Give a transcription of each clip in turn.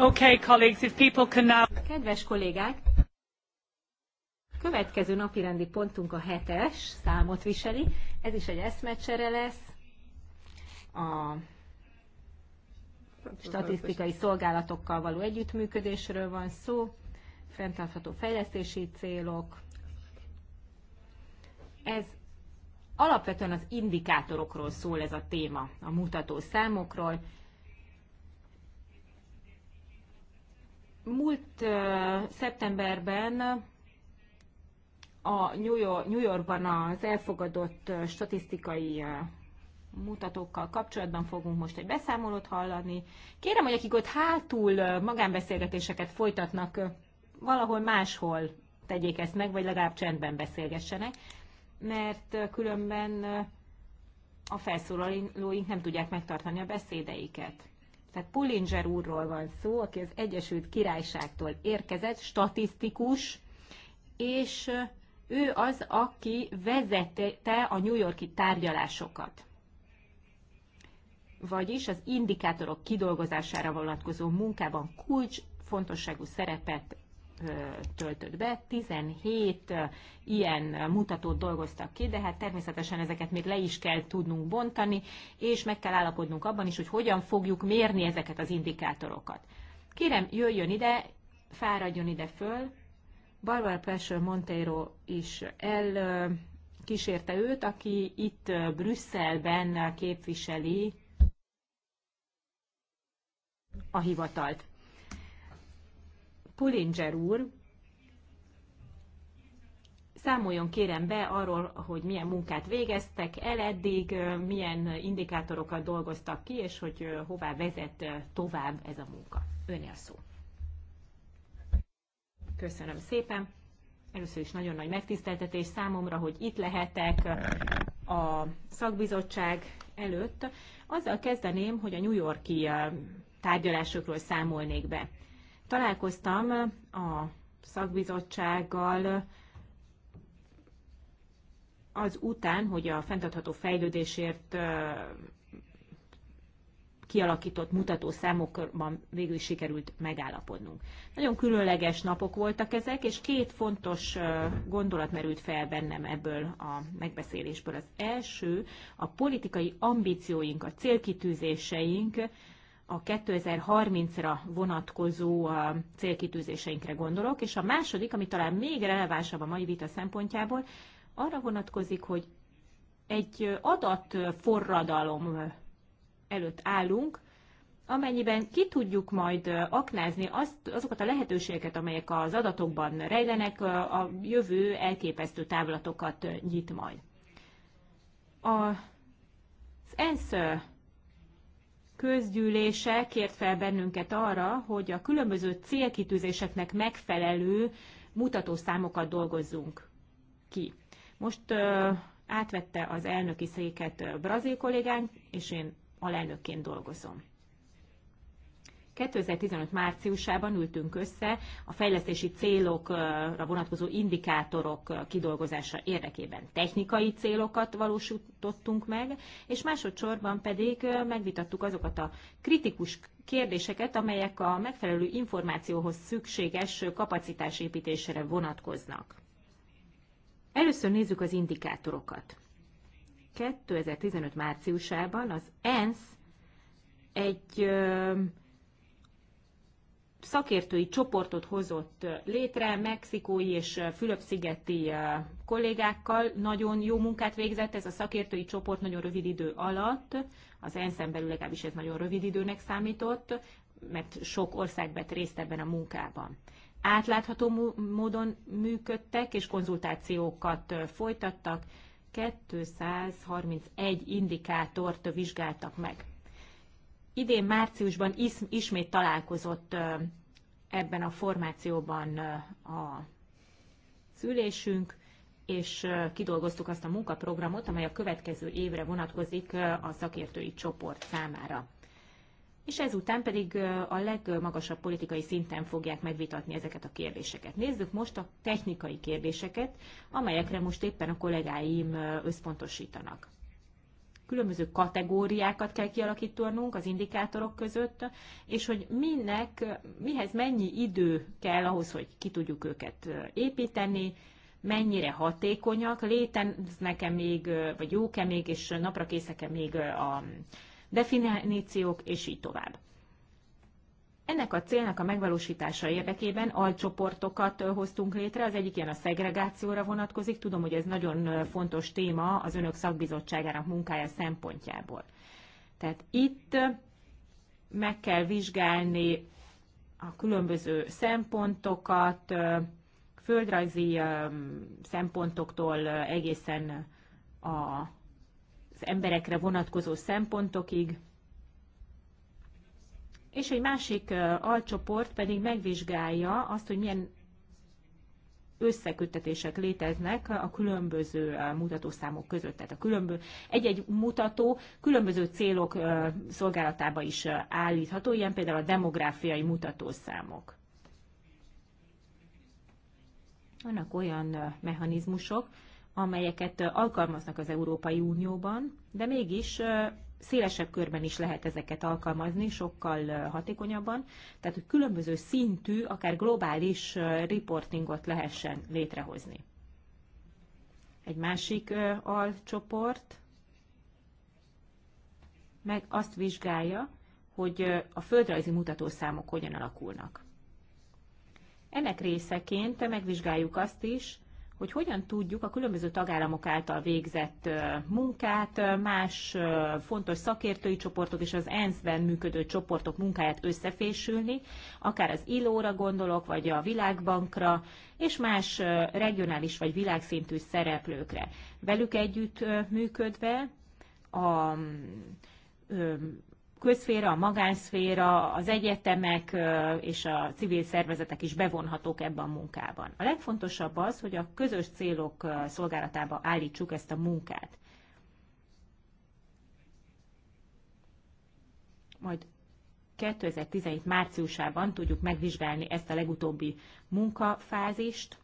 Okay, colleagues, if people can now... Kedves kollégák, következő napi rendi pontunk a hetes számot viseli. Ez is egy eszmecsere lesz. A statisztikai szolgálatokkal való együttműködésről van szó, fenntartható fejlesztési célok. Ez alapvetően az indikátorokról szól ez a téma, a mutató számokról. Múlt szeptemberben a New, York, New Yorkban az elfogadott statisztikai mutatókkal kapcsolatban fogunk most egy beszámolót hallani. Kérem, hogy akik ott hátul magánbeszélgetéseket folytatnak, valahol máshol tegyék ezt meg, vagy legalább csendben beszélgessenek, mert különben a felszólalóink nem tudják megtartani a beszédeiket. Tehát Pullinger úrról van szó, aki az Egyesült Királyságtól érkezett, statisztikus, és ő az, aki vezette a New Yorki tárgyalásokat. Vagyis az indikátorok kidolgozására vonatkozó munkában kulcs fontosságú szerepet töltött be. 17 ilyen mutatót dolgoztak ki, de hát természetesen ezeket még le is kell tudnunk bontani, és meg kell állapodnunk abban is, hogy hogyan fogjuk mérni ezeket az indikátorokat. Kérem, jöjjön ide, fáradjon ide föl. Barbara Pesce Monteiro is el kísérte őt, aki itt Brüsszelben képviseli a hivatalt. Pulinger úr számoljon kérem be arról, hogy milyen munkát végeztek el eddig, milyen indikátorokat dolgoztak ki, és hogy hová vezet tovább ez a munka. Önél szó. Köszönöm szépen. Először is nagyon nagy megtiszteltetés számomra, hogy itt lehetek a szakbizottság előtt. Azzal kezdeném, hogy a New Yorki tárgyalásokról számolnék be. Találkoztam a szakbizottsággal az után, hogy a fenntartható fejlődésért kialakított mutató számokban végül is sikerült megállapodnunk. Nagyon különleges napok voltak ezek, és két fontos gondolat merült fel bennem ebből a megbeszélésből. Az első a politikai ambícióink, a célkitűzéseink a 2030-ra vonatkozó célkitűzéseinkre gondolok, és a második, ami talán még relevánsabb a mai vita szempontjából, arra vonatkozik, hogy egy adatforradalom előtt állunk, amennyiben ki tudjuk majd aknázni azt, azokat a lehetőségeket, amelyek az adatokban rejlenek, a jövő elképesztő távlatokat nyit majd. A, az ENSZ közgyűlése kért fel bennünket arra, hogy a különböző célkitűzéseknek megfelelő mutatószámokat dolgozzunk ki. Most ö, átvette az elnöki széket brazil kollégánk, és én alelnökként dolgozom. 2015 márciusában ültünk össze a fejlesztési célokra vonatkozó indikátorok kidolgozása érdekében. Technikai célokat valósítottunk meg, és másodszorban pedig megvitattuk azokat a kritikus kérdéseket, amelyek a megfelelő információhoz szükséges kapacitásépítésre vonatkoznak. Először nézzük az indikátorokat. 2015 márciusában az ENSZ egy szakértői csoportot hozott létre mexikói és Fülöpszigeti kollégákkal. Nagyon jó munkát végzett ez a szakértői csoport nagyon rövid idő alatt. Az ENSZ-en belül legalábbis ez nagyon rövid időnek számított, mert sok ország vett részt ebben a munkában. Átlátható módon működtek és konzultációkat folytattak. 231 indikátort vizsgáltak meg idén márciusban ismét találkozott ebben a formációban a szülésünk, és kidolgoztuk azt a munkaprogramot, amely a következő évre vonatkozik a szakértői csoport számára. És ezután pedig a legmagasabb politikai szinten fogják megvitatni ezeket a kérdéseket. Nézzük most a technikai kérdéseket, amelyekre most éppen a kollégáim összpontosítanak különböző kategóriákat kell kialakítanunk az indikátorok között, és hogy minek, mihez mennyi idő kell ahhoz, hogy ki tudjuk őket építeni, mennyire hatékonyak, léteznek-e még, vagy jók-e még, és napra készek-e még a definíciók, és így tovább. Ennek a célnak a megvalósítása érdekében alcsoportokat hoztunk létre, az egyik ilyen a szegregációra vonatkozik, tudom, hogy ez nagyon fontos téma az önök szakbizottságának munkája szempontjából. Tehát itt meg kell vizsgálni a különböző szempontokat, földrajzi szempontoktól egészen az emberekre vonatkozó szempontokig, és egy másik alcsoport pedig megvizsgálja azt, hogy milyen összeköttetések léteznek a különböző mutatószámok között. Tehát a különböző, egy-egy mutató különböző célok szolgálatába is állítható, ilyen például a demográfiai mutatószámok. Vannak olyan mechanizmusok, amelyeket alkalmaznak az Európai Unióban, de mégis szélesebb körben is lehet ezeket alkalmazni, sokkal hatékonyabban, tehát hogy különböző szintű, akár globális reportingot lehessen létrehozni. Egy másik alcsoport meg azt vizsgálja, hogy a földrajzi mutatószámok hogyan alakulnak. Ennek részeként megvizsgáljuk azt is, hogy hogyan tudjuk a különböző tagállamok által végzett munkát, más fontos szakértői csoportok és az ENSZ-ben működő csoportok munkáját összefésülni, akár az ILO-ra gondolok, vagy a Világbankra, és más regionális vagy világszintű szereplőkre. Velük együtt működve a közszféra, a magánszféra, az egyetemek és a civil szervezetek is bevonhatók ebben a munkában. A legfontosabb az, hogy a közös célok szolgálatába állítsuk ezt a munkát. Majd 2017 márciusában tudjuk megvizsgálni ezt a legutóbbi munkafázist.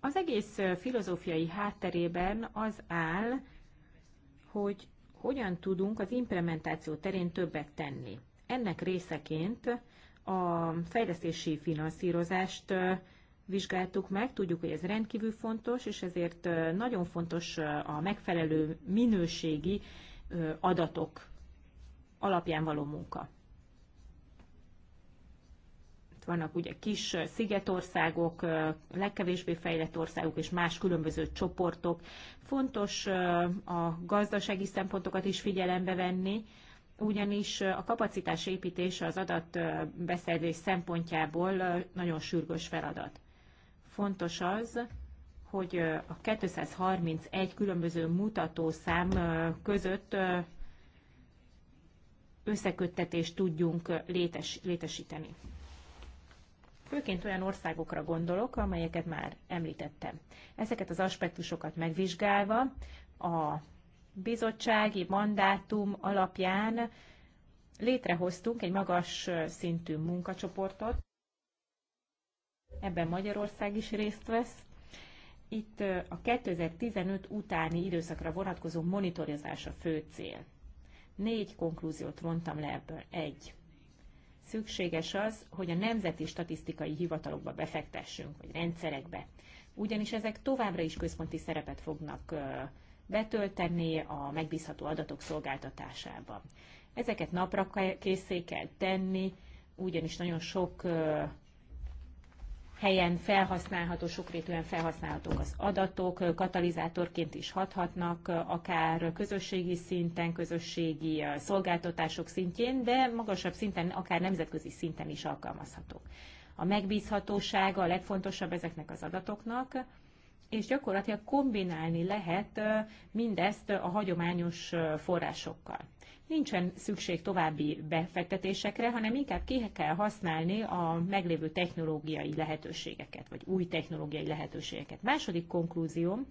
Az egész filozófiai hátterében az áll, hogy hogyan tudunk az implementáció terén többet tenni. Ennek részeként a fejlesztési finanszírozást vizsgáltuk meg, tudjuk, hogy ez rendkívül fontos, és ezért nagyon fontos a megfelelő minőségi adatok alapján való munka vannak ugye kis szigetországok, legkevésbé fejlett országok és más különböző csoportok. Fontos a gazdasági szempontokat is figyelembe venni, ugyanis a kapacitás építése az adatbeszerzés szempontjából nagyon sürgős feladat. Fontos az, hogy a 231 különböző mutatószám között összeköttetést tudjunk létes, létesíteni. Főként olyan országokra gondolok, amelyeket már említettem. Ezeket az aspektusokat megvizsgálva a bizottsági mandátum alapján létrehoztunk egy magas szintű munkacsoportot. Ebben Magyarország is részt vesz. Itt a 2015 utáni időszakra vonatkozó monitorozás a fő cél. Négy konklúziót vontam le ebből. Egy szükséges az, hogy a nemzeti statisztikai hivatalokba befektessünk, vagy rendszerekbe. Ugyanis ezek továbbra is központi szerepet fognak betölteni a megbízható adatok szolgáltatásában. Ezeket napra készé kell tenni, ugyanis nagyon sok helyen felhasználható, sokrétűen felhasználhatók az adatok, katalizátorként is hathatnak, akár közösségi szinten, közösségi szolgáltatások szintjén, de magasabb szinten, akár nemzetközi szinten is alkalmazhatók. A megbízhatósága a legfontosabb ezeknek az adatoknak, és gyakorlatilag kombinálni lehet mindezt a hagyományos forrásokkal nincsen szükség további befektetésekre, hanem inkább ki kell használni a meglévő technológiai lehetőségeket, vagy új technológiai lehetőségeket. Második konklúzióm,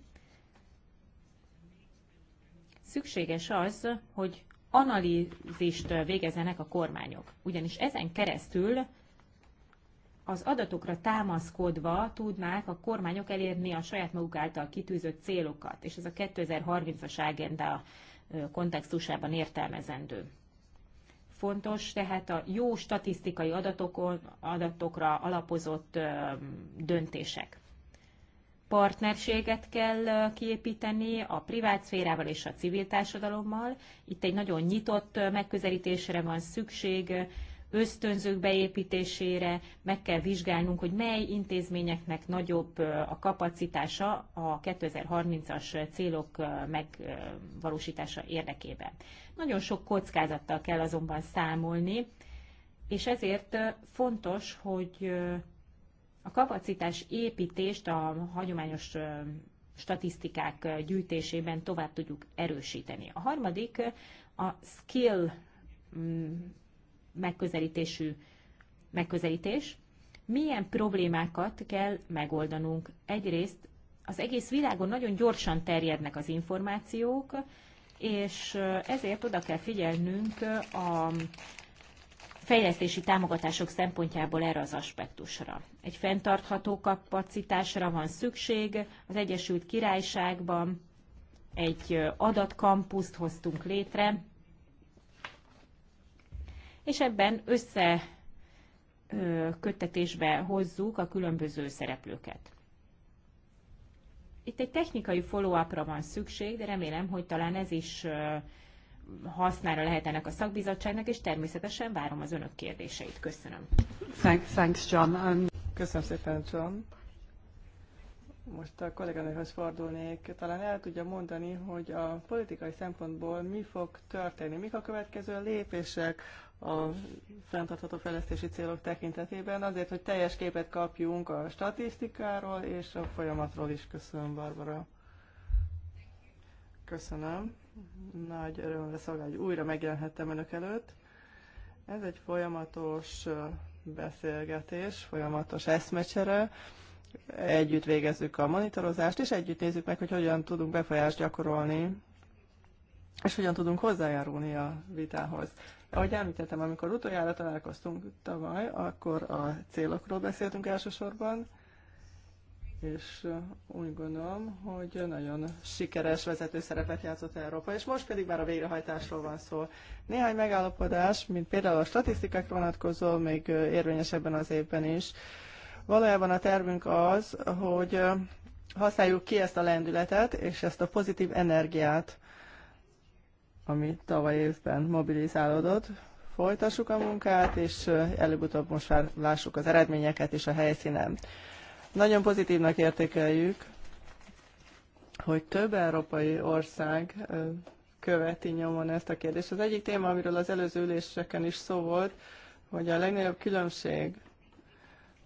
szükséges az, hogy analízist végezzenek a kormányok. Ugyanis ezen keresztül az adatokra támaszkodva tudnák a kormányok elérni a saját maguk által kitűzött célokat, és ez a 2030-as agenda kontextusában értelmezendő. Fontos tehát a jó statisztikai adatokon, adatokra alapozott döntések. Partnerséget kell kiépíteni a privát szférával és a civil társadalommal. Itt egy nagyon nyitott megközelítésre van szükség, ösztönzők beépítésére, meg kell vizsgálnunk, hogy mely intézményeknek nagyobb a kapacitása a 2030-as célok megvalósítása érdekében. Nagyon sok kockázattal kell azonban számolni, és ezért fontos, hogy a kapacitás építést a hagyományos statisztikák gyűjtésében tovább tudjuk erősíteni. A harmadik a skill megközelítésű megközelítés, milyen problémákat kell megoldanunk. Egyrészt az egész világon nagyon gyorsan terjednek az információk, és ezért oda kell figyelnünk a fejlesztési támogatások szempontjából erre az aspektusra. Egy fenntartható kapacitásra van szükség. Az Egyesült Királyságban egy adatkampuszt hoztunk létre, és ebben összeköttetésbe hozzuk a különböző szereplőket. Itt egy technikai follow-upra van szükség, de remélem, hogy talán ez is hasznára lehet ennek a szakbizottságnak, és természetesen várom az önök kérdéseit. Köszönöm. Thanks, thanks John. Um, Köszönöm szépen, John most a kolléganőhöz fordulnék, talán el tudja mondani, hogy a politikai szempontból mi fog történni, mik a következő lépések a fenntartható fejlesztési célok tekintetében, azért, hogy teljes képet kapjunk a statisztikáról és a folyamatról is. Köszönöm, Barbara. Köszönöm. Nagy örömre szolgál, hogy újra megjelenhettem önök előtt. Ez egy folyamatos beszélgetés, folyamatos eszmecsere együtt végezzük a monitorozást, és együtt nézzük meg, hogy hogyan tudunk befolyást gyakorolni, és hogyan tudunk hozzájárulni a vitához. Ahogy említettem, amikor utoljára találkoztunk tavaly, akkor a célokról beszéltünk elsősorban, és úgy gondolom, hogy nagyon sikeres vezető szerepet játszott Európa, és most pedig már a végrehajtásról van szó. Néhány megállapodás, mint például a statisztikák vonatkozó, még érvényes ebben az évben is, Valójában a tervünk az, hogy használjuk ki ezt a lendületet és ezt a pozitív energiát, ami tavaly évben mobilizálódott, folytassuk a munkát, és előbb-utóbb most már lássuk az eredményeket és a helyszínen. Nagyon pozitívnak értékeljük, hogy több európai ország követi nyomon ezt a kérdést. Az egyik téma, amiről az előző üléseken is szó volt, hogy a legnagyobb különbség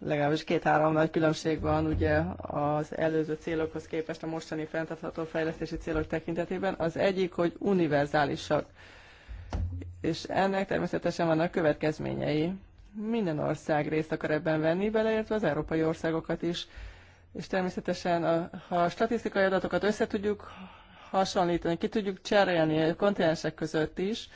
legalábbis két-három nagy különbség van ugye az előző célokhoz képest a mostani fenntartható fejlesztési célok tekintetében. Az egyik, hogy univerzálisak, és ennek természetesen vannak következményei. Minden ország részt akar ebben venni, beleértve az európai országokat is, és természetesen a, ha a statisztikai adatokat össze tudjuk hasonlítani, ki tudjuk cserélni a kontinensek között is,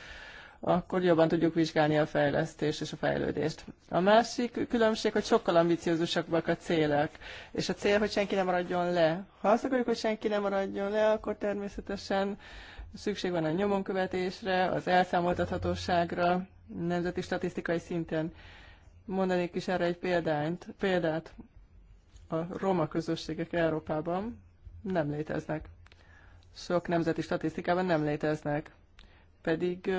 akkor jobban tudjuk vizsgálni a fejlesztést és a fejlődést. A másik különbség, hogy sokkal ambiciózusabbak a célek, és a cél, hogy senki nem maradjon le. Ha azt akarjuk, hogy senki nem maradjon le, akkor természetesen szükség van a nyomonkövetésre, az elszámoltathatóságra, nemzeti statisztikai szinten. Mondanék is erre egy példányt, példát. A roma közösségek Európában nem léteznek. Sok nemzeti statisztikában nem léteznek. Pedig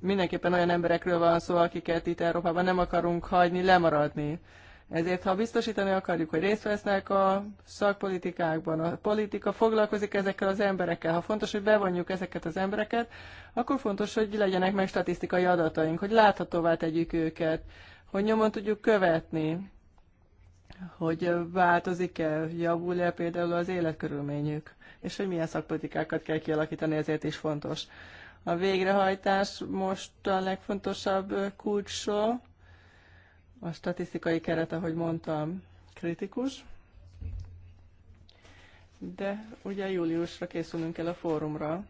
mindenképpen olyan emberekről van szó, akiket itt Európában nem akarunk hagyni, lemaradni. Ezért, ha biztosítani akarjuk, hogy részt vesznek a szakpolitikákban, a politika foglalkozik ezekkel az emberekkel, ha fontos, hogy bevonjuk ezeket az embereket, akkor fontos, hogy legyenek meg statisztikai adataink, hogy láthatóvá tegyük őket, hogy nyomon tudjuk követni, hogy változik-e, javul-e például az életkörülményük, és hogy milyen szakpolitikákat kell kialakítani, ezért is fontos. A végrehajtás most a legfontosabb kulcsa, a statisztikai keret, ahogy mondtam, kritikus. De ugye júliusra készülünk el a fórumra.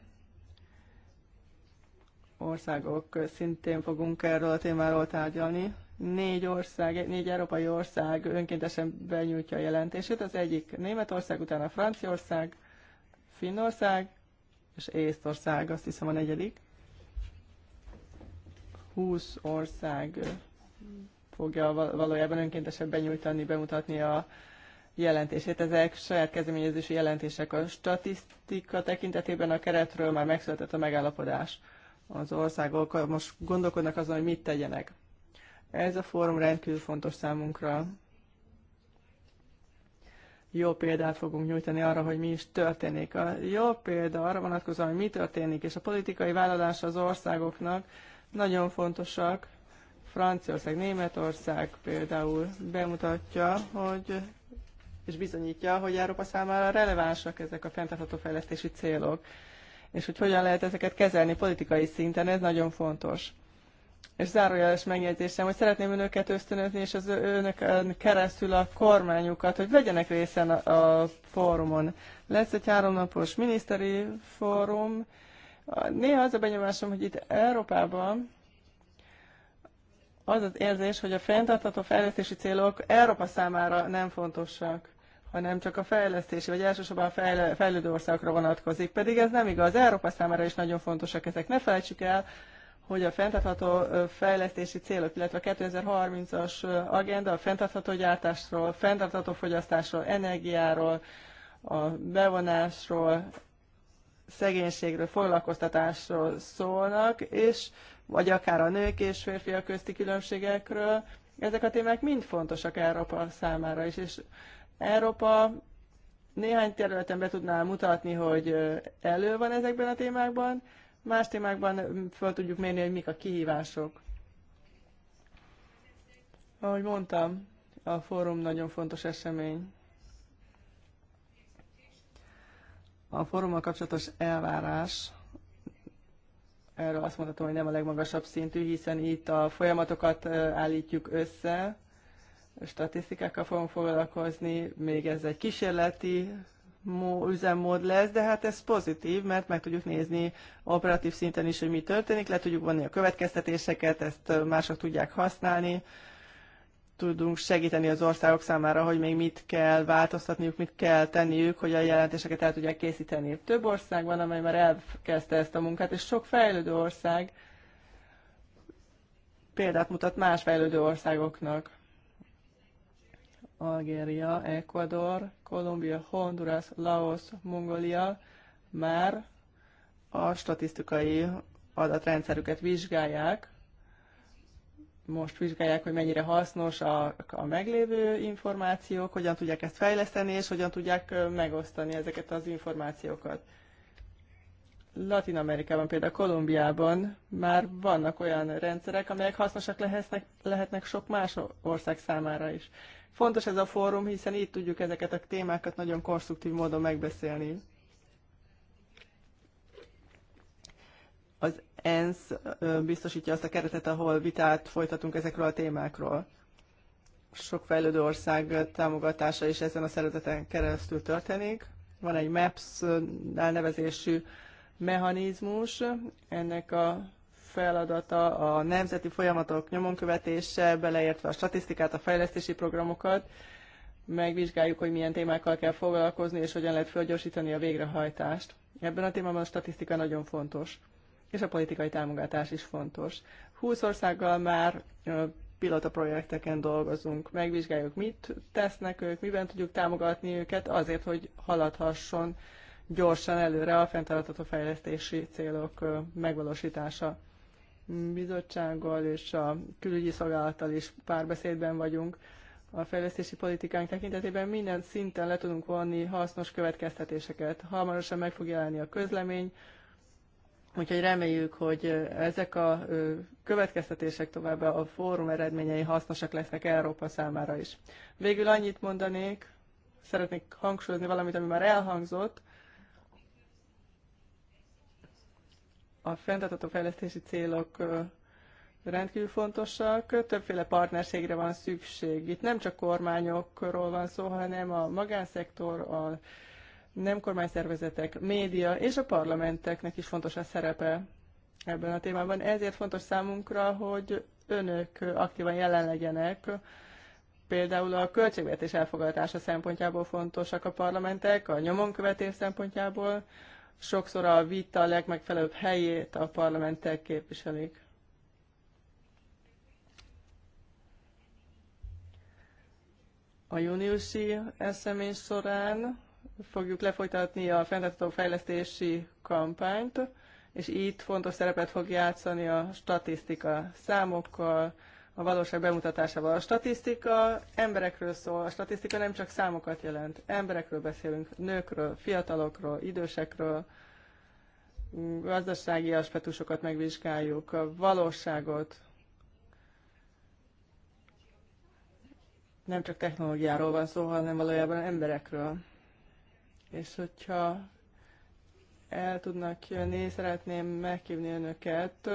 Országok szintén fogunk erről a témáról tárgyalni. Négy ország, négy európai ország önkéntesen benyújtja a jelentését. Az egyik Németország, utána Franciaország, Finnország, és Észtország, azt hiszem a negyedik. 20 ország fogja valójában önkéntesen benyújtani, bemutatni a jelentését. Ezek saját kezdeményezési jelentések a statisztika tekintetében a keretről már megszületett a megállapodás. Az országok most gondolkodnak azon, hogy mit tegyenek. Ez a fórum rendkívül fontos számunkra jó példát fogunk nyújtani arra, hogy mi is történik. A jó példa arra vonatkozóan, hogy mi történik, és a politikai vállalás az országoknak nagyon fontosak. Franciaország, Németország például bemutatja, hogy és bizonyítja, hogy Európa számára relevánsak ezek a fenntartható fejlesztési célok. És hogy hogyan lehet ezeket kezelni politikai szinten, ez nagyon fontos és zárójeles megjegyzésem, hogy szeretném önöket ösztönözni, és az önök keresztül a kormányukat, hogy vegyenek részen a, a fórumon. Lesz egy háromnapos miniszteri fórum. Néha az a benyomásom, hogy itt Európában az az érzés, hogy a fenntartható fejlesztési célok Európa számára nem fontosak hanem csak a fejlesztési, vagy elsősorban a fejlődő országokra vonatkozik. Pedig ez nem igaz. Európa számára is nagyon fontosak ezek. Ne felejtsük el, hogy a fenntartható fejlesztési célok, illetve a 2030-as agenda a fenntartható gyártásról, fenntartható fogyasztásról, energiáról, a bevonásról, szegénységről, foglalkoztatásról szólnak, és vagy akár a nők és férfiak közti különbségekről. Ezek a témák mind fontosak Európa számára is, és Európa néhány területen be tudná mutatni, hogy elő van ezekben a témákban, Más témákban föl tudjuk mérni, hogy mik a kihívások. Ahogy mondtam, a fórum nagyon fontos esemény. A fórummal kapcsolatos elvárás, erről azt mondhatom, hogy nem a legmagasabb szintű, hiszen itt a folyamatokat állítjuk össze, statisztikákkal fogunk foglalkozni, még ez egy kísérleti üzemmód lesz, de hát ez pozitív, mert meg tudjuk nézni operatív szinten is, hogy mi történik, le tudjuk vonni a következtetéseket, ezt mások tudják használni, tudunk segíteni az országok számára, hogy még mit kell változtatniuk, mit kell tenniük, hogy a jelentéseket el tudják készíteni. Több ország van, amely már elkezdte ezt a munkát, és sok fejlődő ország példát mutat más fejlődő országoknak. Algéria, Ecuador, Kolumbia, Honduras, Laos, Mongolia már a statisztikai adatrendszerüket vizsgálják. Most vizsgálják, hogy mennyire hasznos a, a meglévő információk, hogyan tudják ezt fejleszteni, és hogyan tudják megosztani ezeket az információkat. Latin Amerikában, például Kolumbiában már vannak olyan rendszerek, amelyek hasznosak lehetnek, lehetnek sok más ország számára is. Fontos ez a fórum, hiszen itt tudjuk ezeket a témákat nagyon konstruktív módon megbeszélni. Az ENSZ biztosítja azt a keretet, ahol vitát folytatunk ezekről a témákról. Sok fejlődő ország támogatása is ezen a szervezeten keresztül történik. Van egy MAPS elnevezésű mechanizmus, ennek a feladata a nemzeti folyamatok nyomon követése, beleértve a statisztikát, a fejlesztési programokat. Megvizsgáljuk, hogy milyen témákkal kell foglalkozni, és hogyan lehet felgyorsítani a végrehajtást. Ebben a témában a statisztika nagyon fontos, és a politikai támogatás is fontos. 20 országgal már pilota projekteken dolgozunk, megvizsgáljuk, mit tesznek ők, miben tudjuk támogatni őket azért, hogy haladhasson gyorsan előre a fenntartható fejlesztési célok megvalósítása bizottsággal és a külügyi szolgálattal is párbeszédben vagyunk. A fejlesztési politikánk tekintetében minden szinten le tudunk vonni hasznos következtetéseket. Hamarosan meg fog jelenni a közlemény, Úgyhogy reméljük, hogy ezek a következtetések továbbá a fórum eredményei hasznosak lesznek Európa számára is. Végül annyit mondanék, szeretnék hangsúlyozni valamit, ami már elhangzott, A fenntartható fejlesztési célok rendkívül fontosak, többféle partnerségre van szükség. Itt nem csak kormányokról van szó, hanem a magánszektor, a nem kormányszervezetek, média és a parlamenteknek is fontos a szerepe ebben a témában. Ezért fontos számunkra, hogy önök aktívan jelen legyenek. Például a költségvetés elfogadása szempontjából fontosak a parlamentek, a nyomonkövetés szempontjából, sokszor a vita legmegfelelőbb helyét a parlamentek képviselik. A júniusi esemény során fogjuk lefolytatni a fenntartható fejlesztési kampányt, és itt fontos szerepet fog játszani a statisztika számokkal, a valóság bemutatásával. A statisztika emberekről szól, a statisztika nem csak számokat jelent. Emberekről beszélünk, nőkről, fiatalokról, idősekről, gazdasági aspektusokat megvizsgáljuk, a valóságot. Nem csak technológiáról van szó, hanem valójában emberekről. És hogyha el tudnak jönni, szeretném meghívni önöket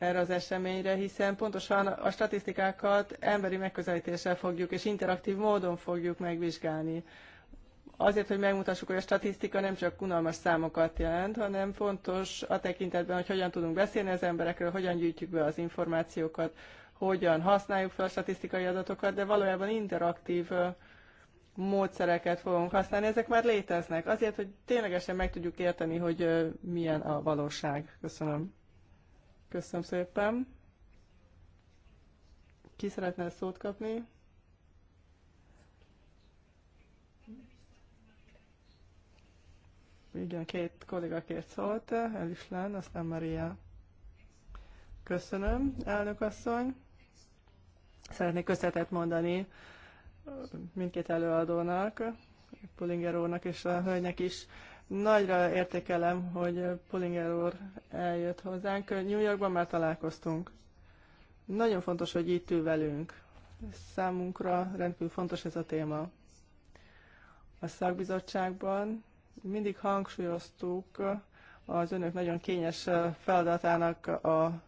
erre az eseményre, hiszen pontosan a statisztikákat emberi megközelítéssel fogjuk és interaktív módon fogjuk megvizsgálni. Azért, hogy megmutassuk, hogy a statisztika nem csak unalmas számokat jelent, hanem fontos a tekintetben, hogy hogyan tudunk beszélni az emberekről, hogyan gyűjtjük be az információkat, hogyan használjuk fel a statisztikai adatokat, de valójában interaktív módszereket fogunk használni, ezek már léteznek, azért, hogy ténylegesen meg tudjuk érteni, hogy milyen a valóság. Köszönöm. Köszönöm szépen. Ki szeretne szót kapni? Igen, két kolléga kért szólt, lenn, aztán Maria. Köszönöm, elnök asszony. Szeretnék köszönetet mondani mindkét előadónak, Pullinger úrnak és a hölgynek is. Nagyra értékelem, hogy Pullinger úr eljött hozzánk. New Yorkban már találkoztunk. Nagyon fontos, hogy itt ül velünk. Számunkra rendkívül fontos ez a téma. A szakbizottságban mindig hangsúlyoztuk az önök nagyon kényes feladatának a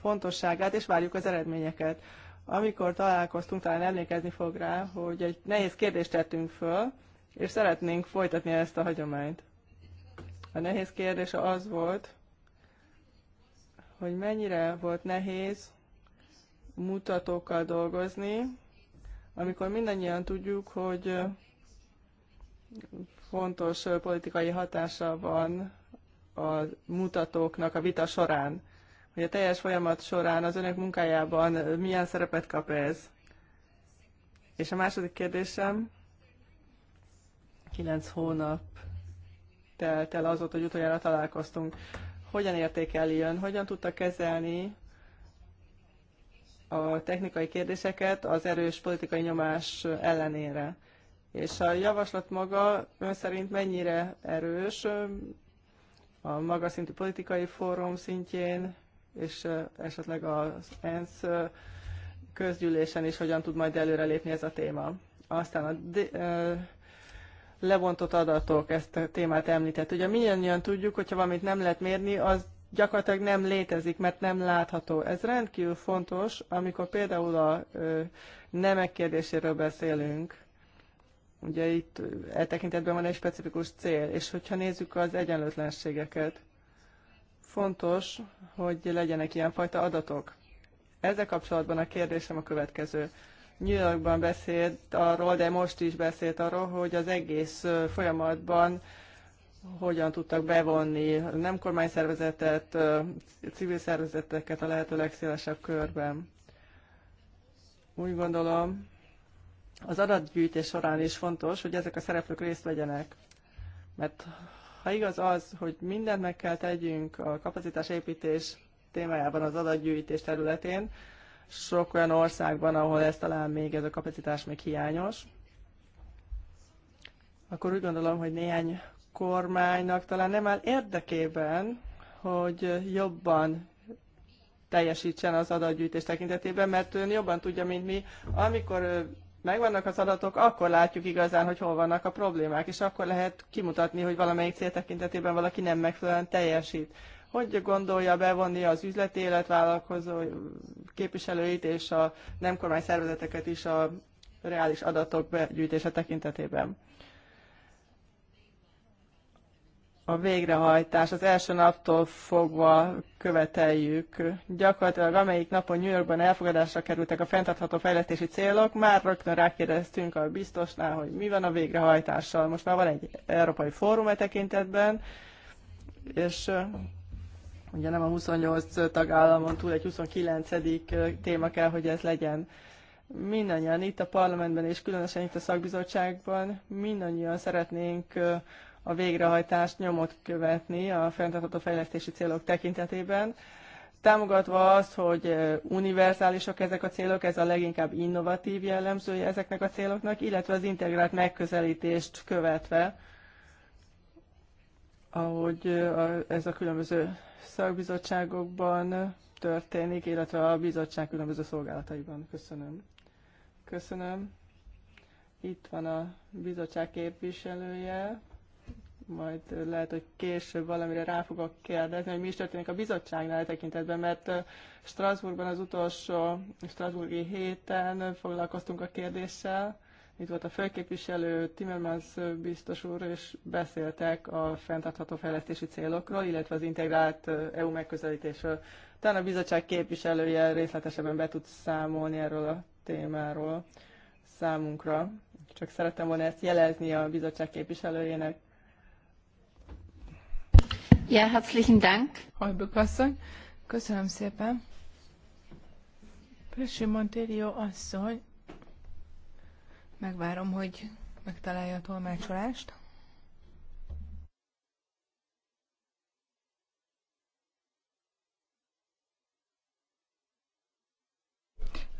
fontosságát, és várjuk az eredményeket. Amikor találkoztunk, talán emlékezni fog rá, hogy egy nehéz kérdést tettünk föl, és szeretnénk folytatni ezt a hagyományt. A nehéz kérdés az volt, hogy mennyire volt nehéz mutatókkal dolgozni, amikor mindannyian tudjuk, hogy fontos politikai hatása van a mutatóknak a vita során, hogy a teljes folyamat során az önök munkájában milyen szerepet kap ez. És a második kérdésem, kilenc hónap telt el azóta, hogy utoljára találkoztunk. Hogyan értékeli ön, hogyan tudta kezelni a technikai kérdéseket az erős politikai nyomás ellenére? És a javaslat maga ön szerint mennyire erős a magas szintű politikai fórum szintjén, és esetleg az ENSZ közgyűlésen is hogyan tud majd előrelépni ez a téma. Aztán a lebontott adatok, ezt a témát említett. Ugye mindannyian tudjuk, hogyha valamit nem lehet mérni, az gyakorlatilag nem létezik, mert nem látható. Ez rendkívül fontos, amikor például a ö, nemek kérdéséről beszélünk. Ugye itt e tekintetben van egy specifikus cél, és hogyha nézzük az egyenlőtlenségeket, fontos, hogy legyenek ilyenfajta adatok. Ezzel kapcsolatban a kérdésem a következő. New Yorkban beszélt arról, de most is beszélt arról, hogy az egész folyamatban hogyan tudtak bevonni nem szervezetet, civil szervezeteket a lehető legszélesebb körben. Úgy gondolom, az adatgyűjtés során is fontos, hogy ezek a szereplők részt vegyenek. Mert ha igaz az, hogy mindent meg kell tegyünk a kapacitásépítés témájában az adatgyűjtés területén, sok olyan országban, ahol ez talán még ez a kapacitás még hiányos, akkor úgy gondolom, hogy néhány kormánynak talán nem áll érdekében, hogy jobban teljesítsen az adatgyűjtés tekintetében, mert ön jobban tudja, mint mi, amikor megvannak az adatok, akkor látjuk igazán, hogy hol vannak a problémák, és akkor lehet kimutatni, hogy valamelyik cél tekintetében valaki nem megfelelően teljesít. Hogy gondolja bevonni az üzleti életvállalkozó képviselőit és a nem kormány szervezeteket is a reális adatok begyűjtése tekintetében? a végrehajtás az első naptól fogva követeljük. Gyakorlatilag amelyik napon New Yorkban elfogadásra kerültek a fenntartható fejlesztési célok, már rögtön rákérdeztünk a biztosnál, hogy mi van a végrehajtással. Most már van egy európai fórum e tekintetben, és Ugye nem a 28 tagállamon túl egy 29. téma kell, hogy ez legyen. Mindannyian itt a parlamentben és különösen itt a szakbizottságban mindannyian szeretnénk a végrehajtást nyomot követni a fenntartható fejlesztési célok tekintetében támogatva azt, hogy univerzálisak ezek a célok, ez a leginkább innovatív jellemzője ezeknek a céloknak, illetve az integrált megközelítést követve, ahogy ez a különböző szakbizottságokban történik, illetve a bizottság különböző szolgálataiban. Köszönöm. Köszönöm. Itt van a bizottság képviselője, majd lehet, hogy később valamire rá fogok kérdezni, hogy mi is történik a bizottságnál tekintetben, mert Strasbourgban az utolsó Strasbourgi héten foglalkoztunk a kérdéssel, itt volt a főképviselő, Timmermans biztos úr, és beszéltek a fenntartható fejlesztési célokról, illetve az integrált EU megközelítésről. Talán a bizottság képviselője részletesebben be tud számolni erről a témáról számunkra. Csak szerettem volna ezt jelezni a bizottság képviselőjének. Ja, herzlichen Dank. Holbük asszony, köszönöm szépen. Presi Monterio asszony Megvárom, hogy megtalálja a tolmácsolást.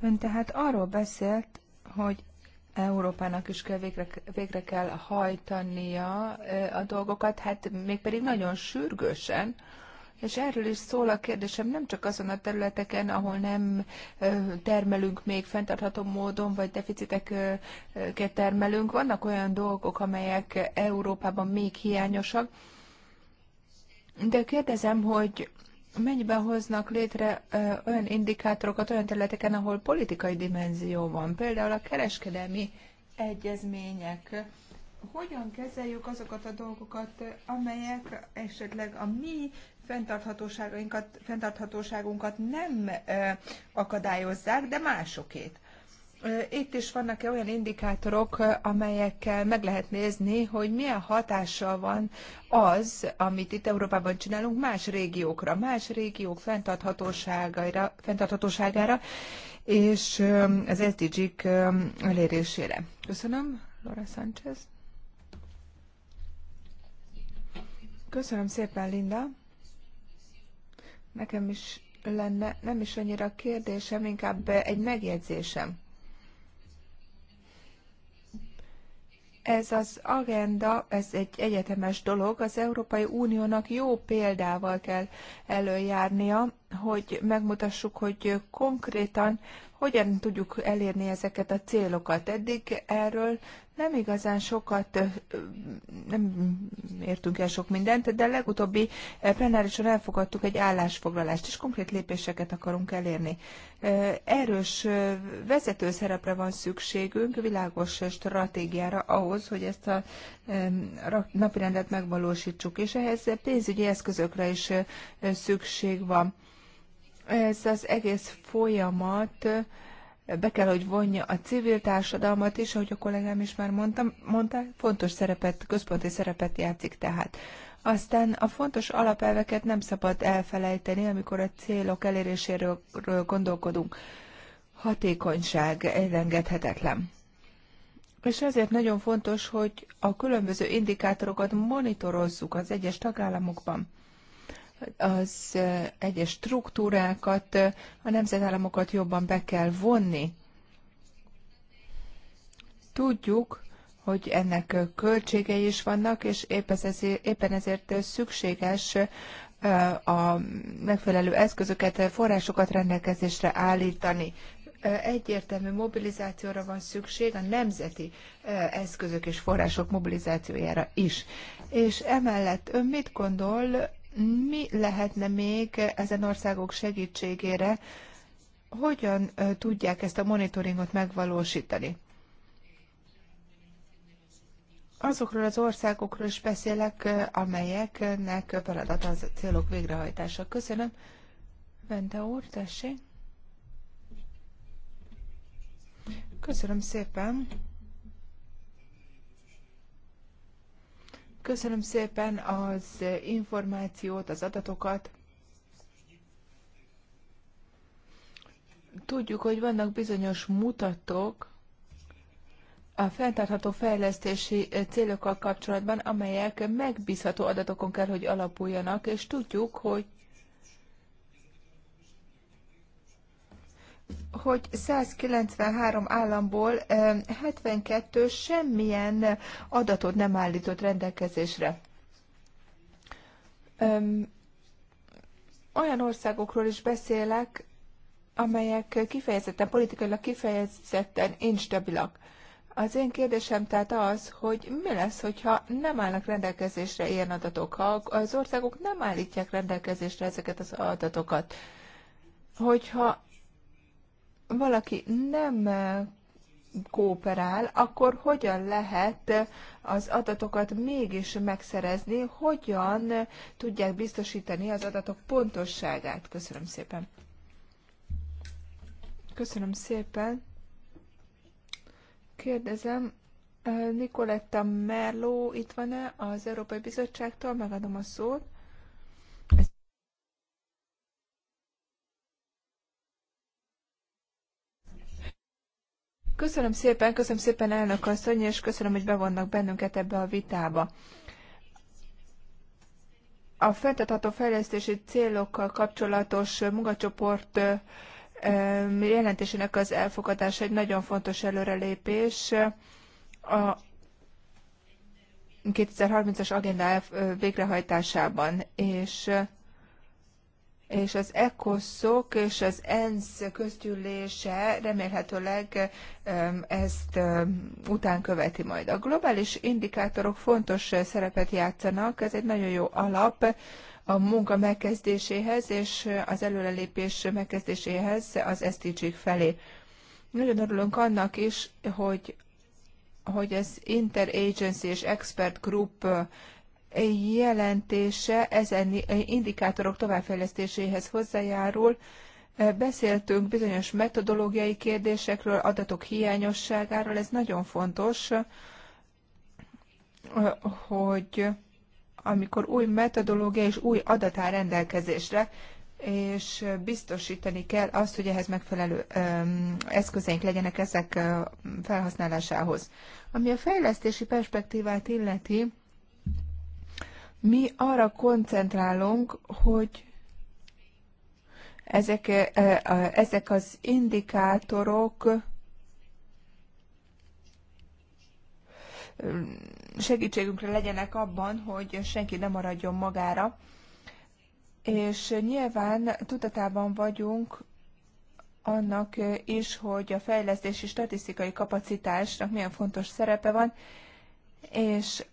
Ön tehát arról beszélt, hogy Európának is kell végre, végre kell hajtania a dolgokat, hát mégpedig nagyon sürgősen, és erről is szól a kérdésem, nem csak azon a területeken, ahol nem termelünk még fenntartható módon, vagy deficiteket termelünk, vannak olyan dolgok, amelyek Európában még hiányosak, de kérdezem, hogy mennyiben hoznak létre olyan indikátorokat olyan területeken, ahol politikai dimenzió van, például a kereskedelmi egyezmények. Hogyan kezeljük azokat a dolgokat, amelyek esetleg a mi fenntarthatóságainkat, fenntarthatóságunkat nem akadályozzák, de másokét. Itt is vannak-e olyan indikátorok, amelyekkel meg lehet nézni, hogy milyen hatással van az, amit itt Európában csinálunk más régiókra, más régiók fenntarthatóságára, fenntarthatóságára és az SDG-k elérésére. Köszönöm, Laura Sánchez. Köszönöm szépen, Linda. Nekem is lenne, nem is annyira kérdésem, inkább egy megjegyzésem. Ez az agenda, ez egy egyetemes dolog, az Európai Uniónak jó példával kell előjárnia hogy megmutassuk, hogy konkrétan hogyan tudjuk elérni ezeket a célokat. Eddig erről nem igazán sokat, nem értünk el sok mindent, de legutóbbi plenárison elfogadtuk egy állásfoglalást, és konkrét lépéseket akarunk elérni. Erős vezető szerepre van szükségünk, világos stratégiára ahhoz, hogy ezt a napirendet megvalósítsuk, és ehhez pénzügyi eszközökre is szükség van ez az egész folyamat eh, be kell, hogy vonja a civil társadalmat is, ahogy a kollégám is már mondtam, mondta, fontos szerepet, központi szerepet játszik tehát. Aztán a fontos alapelveket nem szabad elfelejteni, amikor a célok eléréséről gondolkodunk. Hatékonyság elengedhetetlen. És ezért nagyon fontos, hogy a különböző indikátorokat monitorozzuk az egyes tagállamokban az egyes struktúrákat, a nemzetállamokat jobban be kell vonni. Tudjuk, hogy ennek költségei is vannak, és éppen ezért szükséges a megfelelő eszközöket, forrásokat rendelkezésre állítani. Egyértelmű mobilizációra van szükség, a nemzeti eszközök és források mobilizációjára is. És emellett ön mit gondol mi lehetne még ezen országok segítségére, hogyan tudják ezt a monitoringot megvalósítani? Azokról az országokról is beszélek, amelyeknek feladat az célok végrehajtása. Köszönöm. Vente úr, tessék. Köszönöm szépen. Köszönöm szépen az információt, az adatokat. Tudjuk, hogy vannak bizonyos mutatók a fenntartható fejlesztési célokkal kapcsolatban, amelyek megbízható adatokon kell, hogy alapuljanak, és tudjuk, hogy hogy 193 államból 72 semmilyen adatot nem állított rendelkezésre. Olyan országokról is beszélek, amelyek kifejezetten, politikailag kifejezetten instabilak. Az én kérdésem tehát az, hogy mi lesz, hogyha nem állnak rendelkezésre ilyen adatok, ha az országok nem állítják rendelkezésre ezeket az adatokat. Hogyha valaki nem eh, kooperál, akkor hogyan lehet eh, az adatokat mégis megszerezni, hogyan eh, tudják biztosítani az adatok pontosságát. Köszönöm szépen. Köszönöm szépen. Kérdezem, Nikoletta Merló itt van-e az Európai Bizottságtól? Megadom a szót. Köszönöm szépen, köszönöm szépen elnök asszony, és köszönöm, hogy bevonnak bennünket ebbe a vitába. A fenntartható fejlesztési célokkal kapcsolatos munkacsoport jelentésének az elfogadása egy nagyon fontos előrelépés. A 2030-as agenda végrehajtásában, és és az ECOSZOK és az ENSZ közgyűlése remélhetőleg ezt után követi majd. A globális indikátorok fontos szerepet játszanak, ez egy nagyon jó alap a munka megkezdéséhez és az előrelépés megkezdéséhez az SDG-k felé. Nagyon örülünk annak is, hogy hogy az Interagency és Expert Group jelentése ezen indikátorok továbbfejlesztéséhez hozzájárul. Beszéltünk bizonyos metodológiai kérdésekről, adatok hiányosságáról, ez nagyon fontos, hogy amikor új metodológia és új adat áll rendelkezésre, és biztosítani kell azt, hogy ehhez megfelelő eszközeink legyenek ezek felhasználásához. Ami a fejlesztési perspektívát illeti, mi arra koncentrálunk, hogy ezek, eh, ezek az indikátorok mm, segítségünkre legyenek abban, hogy senki ne maradjon magára. És nyilván tudatában vagyunk annak is, hogy a fejlesztési statisztikai kapacitásnak milyen fontos szerepe van, és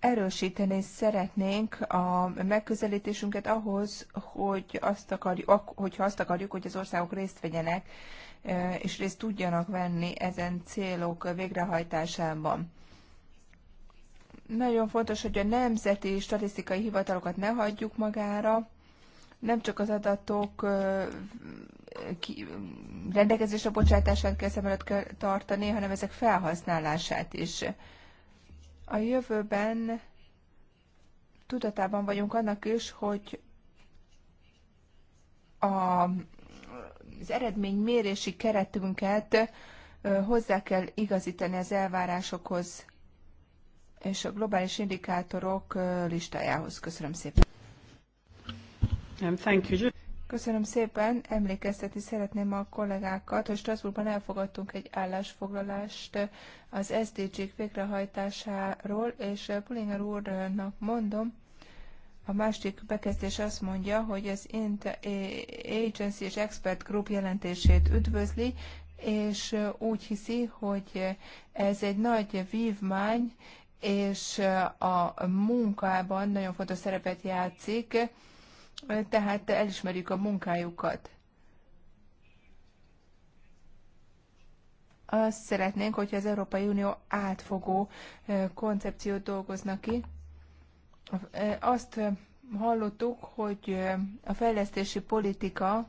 erősíteni szeretnénk a megközelítésünket ahhoz, hogy azt akarjuk, hogyha azt akarjuk, hogy az országok részt vegyenek, és részt tudjanak venni ezen célok végrehajtásában. Nagyon fontos, hogy a nemzeti statisztikai hivatalokat ne hagyjuk magára, nem csak az adatok rendelkezésre bocsátását kell szem előtt tartani, hanem ezek felhasználását is. A jövőben tudatában vagyunk annak is, hogy a, az eredménymérési keretünket hozzá kell igazítani az elvárásokhoz és a globális indikátorok listájához. Köszönöm szépen. Um, thank you. Köszönöm szépen. Emlékeztetni szeretném a kollégákat, hogy Strasbourgban elfogadtunk egy állásfoglalást az SDG-k végrehajtásáról, és Pulinger úrnak mondom, a másik bekezdés azt mondja, hogy az Inter Agency és Expert Group jelentését üdvözli, és úgy hiszi, hogy ez egy nagy vívmány, és a munkában nagyon fontos szerepet játszik, tehát elismerjük a munkájukat. Azt szeretnénk, hogyha az Európai Unió átfogó koncepciót dolgozna ki. Azt hallottuk, hogy a fejlesztési politika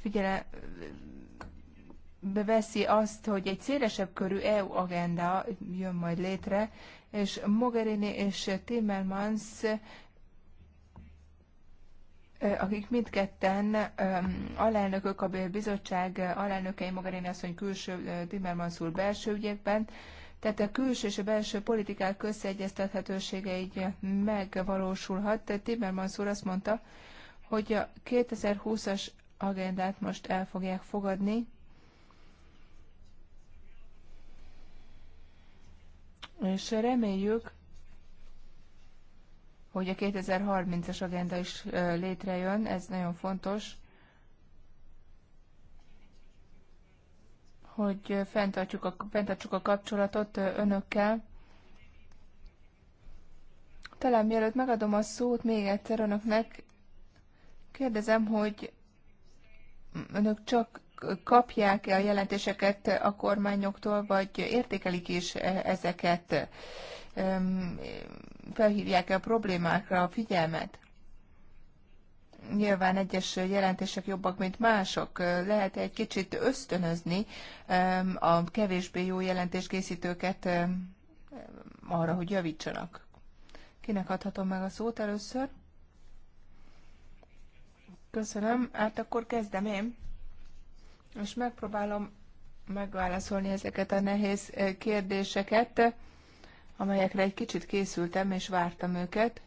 figyelembe veszi azt, hogy egy szélesebb körű EU agenda jön majd létre, és Mogherini és Timmermans akik mindketten alelnökök, a bizottság alelnökei, Mogherini asszony külső, Timmermans úr belső ügyekben, tehát a külső és a belső politikák összeegyeztethetősége így megvalósulhat. Timmermans úr azt mondta, hogy a 2020-as agendát most el fogják fogadni, és reméljük, hogy a 2030-as agenda is létrejön, ez nagyon fontos, hogy fenntartsuk a, fenntartsuk a kapcsolatot önökkel. Talán mielőtt megadom a szót még egyszer önöknek, kérdezem, hogy önök csak kapják-e a jelentéseket a kormányoktól, vagy értékelik is e, ezeket? felhívják-e a problémákra a figyelmet. Nyilván egyes jelentések jobbak, mint mások. lehet egy kicsit ösztönözni a kevésbé jó jelentéskészítőket arra, hogy javítsanak? Kinek adhatom meg a szót először? Köszönöm. Hát akkor kezdem én, és megpróbálom megválaszolni ezeket a nehéz kérdéseket amelyekre egy kicsit készültem, és vártam őket.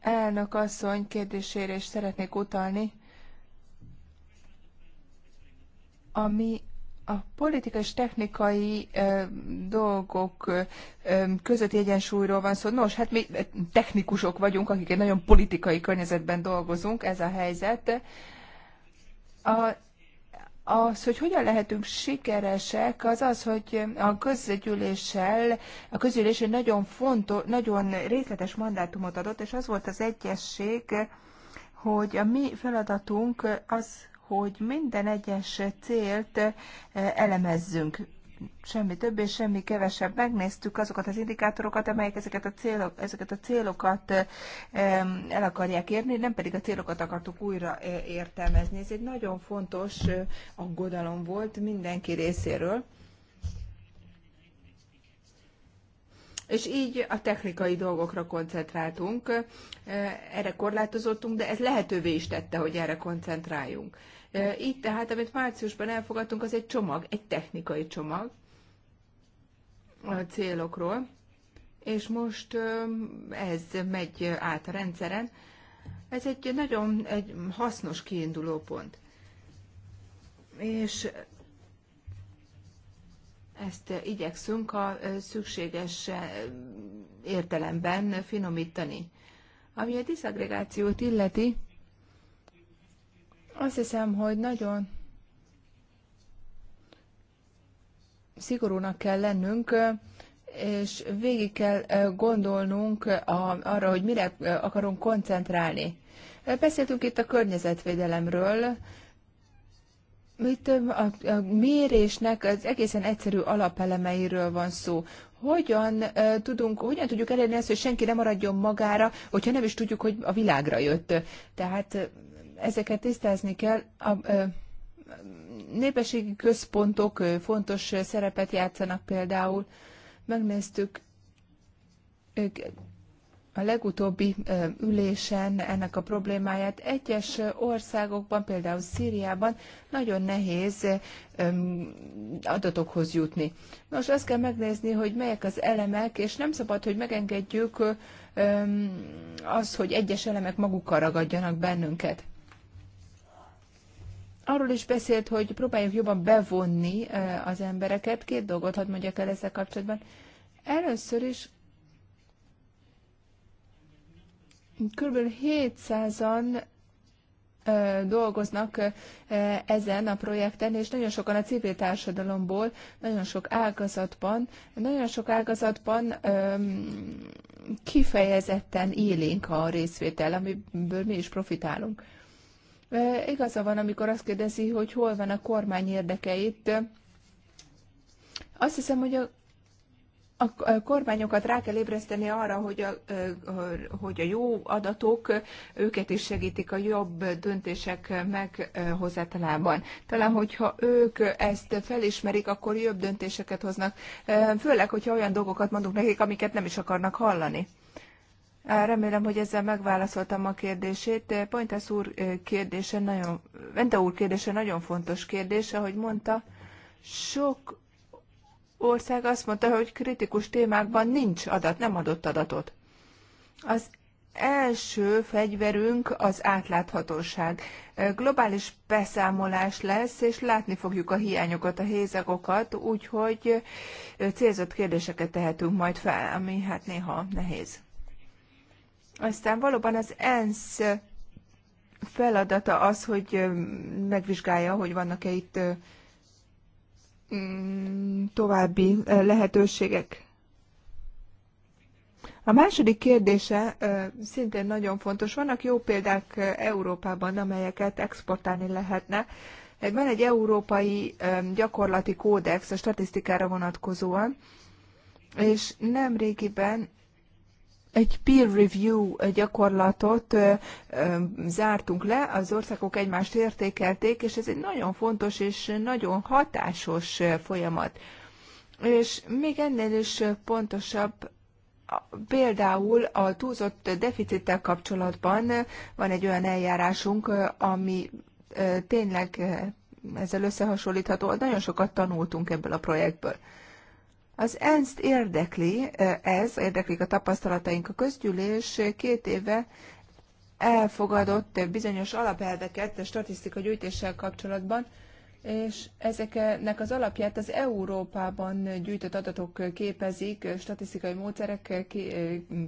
Elnök asszony kérdésére is szeretnék utalni, ami a politikai és technikai ö, dolgok ö, közötti egyensúlyról van szó. Nos, hát mi technikusok vagyunk, akik egy nagyon politikai környezetben dolgozunk, ez a helyzet. A az, hogy hogyan lehetünk sikeresek, az az, hogy a közgyűléssel, a közgyűlés egy nagyon fontos, nagyon részletes mandátumot adott, és az volt az egyesség, hogy a mi feladatunk az, hogy minden egyes célt eh, elemezzünk semmi több és semmi kevesebb. Megnéztük azokat az indikátorokat, amelyek ezeket a, célok, ezeket a célokat el akarják érni, nem pedig a célokat akartuk újra e, értelmezni. Ez egy nagyon fontos aggodalom volt mindenki részéről. És így a technikai dolgokra koncentráltunk, erre korlátozottunk, de ez lehetővé is tette, hogy erre koncentráljunk. Itt tehát, amit márciusban elfogadtunk, az egy csomag, egy technikai csomag a célokról, és most ez megy át a rendszeren. Ez egy nagyon egy hasznos kiinduló pont. És ezt igyekszünk a szükséges értelemben finomítani. Ami a diszagregációt illeti, azt hiszem, hogy nagyon szigorúnak kell lennünk, és végig kell gondolnunk arra, hogy mire akarunk koncentrálni. Beszéltünk itt a környezetvédelemről, itt a, a mérésnek az egészen egyszerű alapelemeiről van szó. Hogyan tudunk, hogyan tudjuk elérni ezt, hogy senki nem maradjon magára, hogyha nem is tudjuk, hogy a világra jött. Tehát ezeket tisztázni kell. A népességi központok fontos szerepet játszanak például. Megnéztük a legutóbbi ülésen ennek a problémáját. Egyes országokban, például Szíriában nagyon nehéz adatokhoz jutni. Nos, azt kell megnézni, hogy melyek az elemek, és nem szabad, hogy megengedjük az, hogy egyes elemek magukkal ragadjanak bennünket arról is beszélt, hogy próbáljuk jobban bevonni az embereket. Két dolgot hadd mondjak el ezzel kapcsolatban. Először is kb. 700-an dolgoznak ezen a projekten, és nagyon sokan a civil társadalomból, nagyon sok ágazatban, nagyon sok ágazatban kifejezetten élénk a részvétel, amiből mi is profitálunk. Igaza van, amikor azt kérdezi, hogy hol van a kormány itt. Azt hiszem, hogy a a kormányokat rá kell ébreszteni arra, hogy a, hogy a jó adatok őket is segítik a jobb döntések meghozatalában. Talán, hogyha ők ezt felismerik, akkor jobb döntéseket hoznak, főleg, hogyha olyan dolgokat mondunk nekik, amiket nem is akarnak hallani. Remélem, hogy ezzel megválaszoltam a kérdését. Pointász úr kérdése nagyon, Vente úr kérdése nagyon fontos kérdés, ahogy mondta, sok ország azt mondta, hogy kritikus témákban nincs adat, nem adott adatot. Az első fegyverünk az átláthatóság. Globális beszámolás lesz, és látni fogjuk a hiányokat, a hézagokat, úgyhogy célzott kérdéseket tehetünk majd fel, ami hát néha nehéz. Aztán valóban az ENSZ feladata az, hogy megvizsgálja, hogy vannak-e itt mm, további lehetőségek. A második kérdése szintén nagyon fontos. Vannak jó példák Európában, amelyeket exportálni lehetne. Van egy európai gyakorlati kódex a statisztikára vonatkozóan, és nem régiben egy peer review gyakorlatot zártunk le, az országok egymást értékelték, és ez egy nagyon fontos és nagyon hatásos folyamat. És még ennél is pontosabb Például a túlzott deficittel kapcsolatban van egy olyan eljárásunk, ami tényleg ezzel összehasonlítható. Nagyon sokat tanultunk ebből a projektből. Az ensz érdekli, ez érdeklik a tapasztalataink. A közgyűlés két éve elfogadott bizonyos alapelveket a statisztika gyűjtéssel kapcsolatban, és ezeknek az alapját az Európában gyűjtött adatok képezik, statisztikai módszerek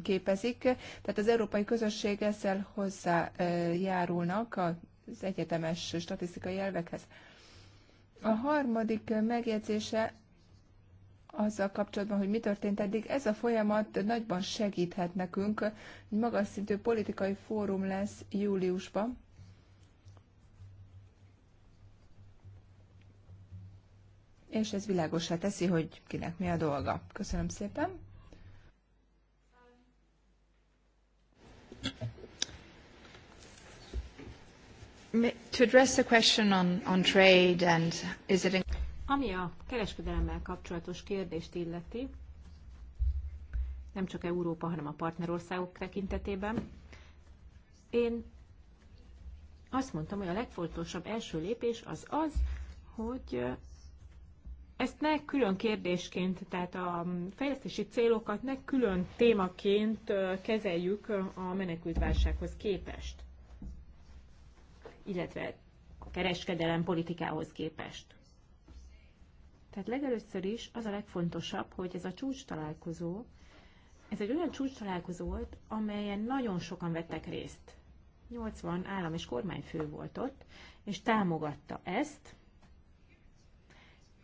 képezik, tehát az európai közösség ezzel hozzájárulnak az egyetemes statisztikai elvekhez. A harmadik megjegyzése azzal kapcsolatban, hogy mi történt eddig, ez a folyamat nagyban segíthet nekünk. Egy magas szintű politikai fórum lesz júliusban. És ez világosá teszi, hogy kinek mi a dolga. Köszönöm szépen. To address the question on, on trade and is it... Ami a kereskedelemmel kapcsolatos kérdést illeti, nem csak Európa, hanem a partnerországok tekintetében, én azt mondtam, hogy a legfontosabb első lépés az az, hogy ezt ne külön kérdésként, tehát a fejlesztési célokat ne külön témaként kezeljük a menekültválsághoz képest, illetve a kereskedelem politikához képest. Tehát legelőször is az a legfontosabb, hogy ez a csúcs találkozó, ez egy olyan csúcs találkozó volt, amelyen nagyon sokan vettek részt. 80 állam és kormányfő volt ott, és támogatta ezt,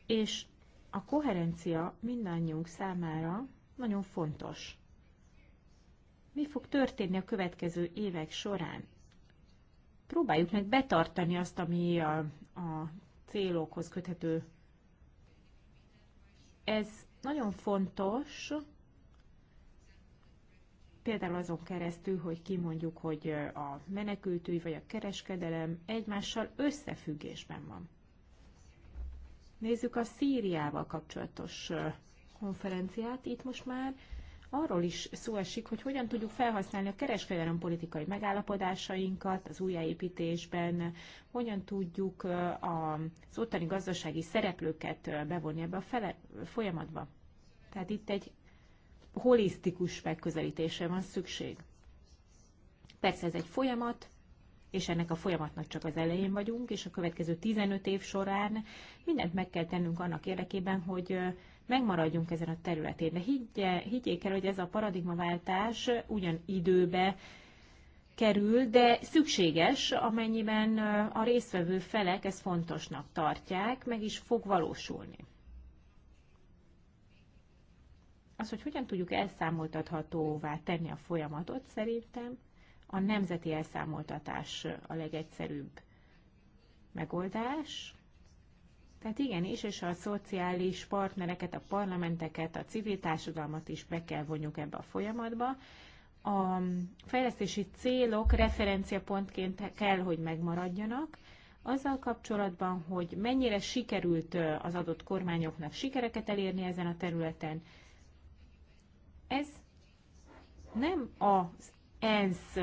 és a koherencia mindannyiunk számára nagyon fontos. Mi fog történni a következő évek során? Próbáljuk meg betartani azt, ami a, a célokhoz köthető ez nagyon fontos, például azon keresztül, hogy kimondjuk, hogy a menekültügy vagy a kereskedelem egymással összefüggésben van. Nézzük a Szíriával kapcsolatos konferenciát. Itt most már arról is szó esik, hogy hogyan tudjuk felhasználni a kereskedelem politikai megállapodásainkat az újjáépítésben, hogyan tudjuk az ottani gazdasági szereplőket bevonni ebbe a fele, folyamatba. Tehát itt egy holisztikus megközelítésre van szükség. Persze ez egy folyamat, és ennek a folyamatnak csak az elején vagyunk, és a következő 15 év során mindent meg kell tennünk annak érdekében, hogy megmaradjunk ezen a területén. De higgye, higgyék el, hogy ez a paradigmaváltás ugyan időbe kerül, de szükséges, amennyiben a résztvevő felek ezt fontosnak tartják, meg is fog valósulni. Az, hogy hogyan tudjuk elszámoltathatóvá tenni a folyamatot, szerintem a nemzeti elszámoltatás a legegyszerűbb megoldás, tehát igenis, és a szociális partnereket, a parlamenteket, a civil társadalmat is be kell vonjuk ebbe a folyamatba. A fejlesztési célok referenciapontként kell, hogy megmaradjanak, azzal kapcsolatban, hogy mennyire sikerült az adott kormányoknak sikereket elérni ezen a területen, ez nem az ENSZ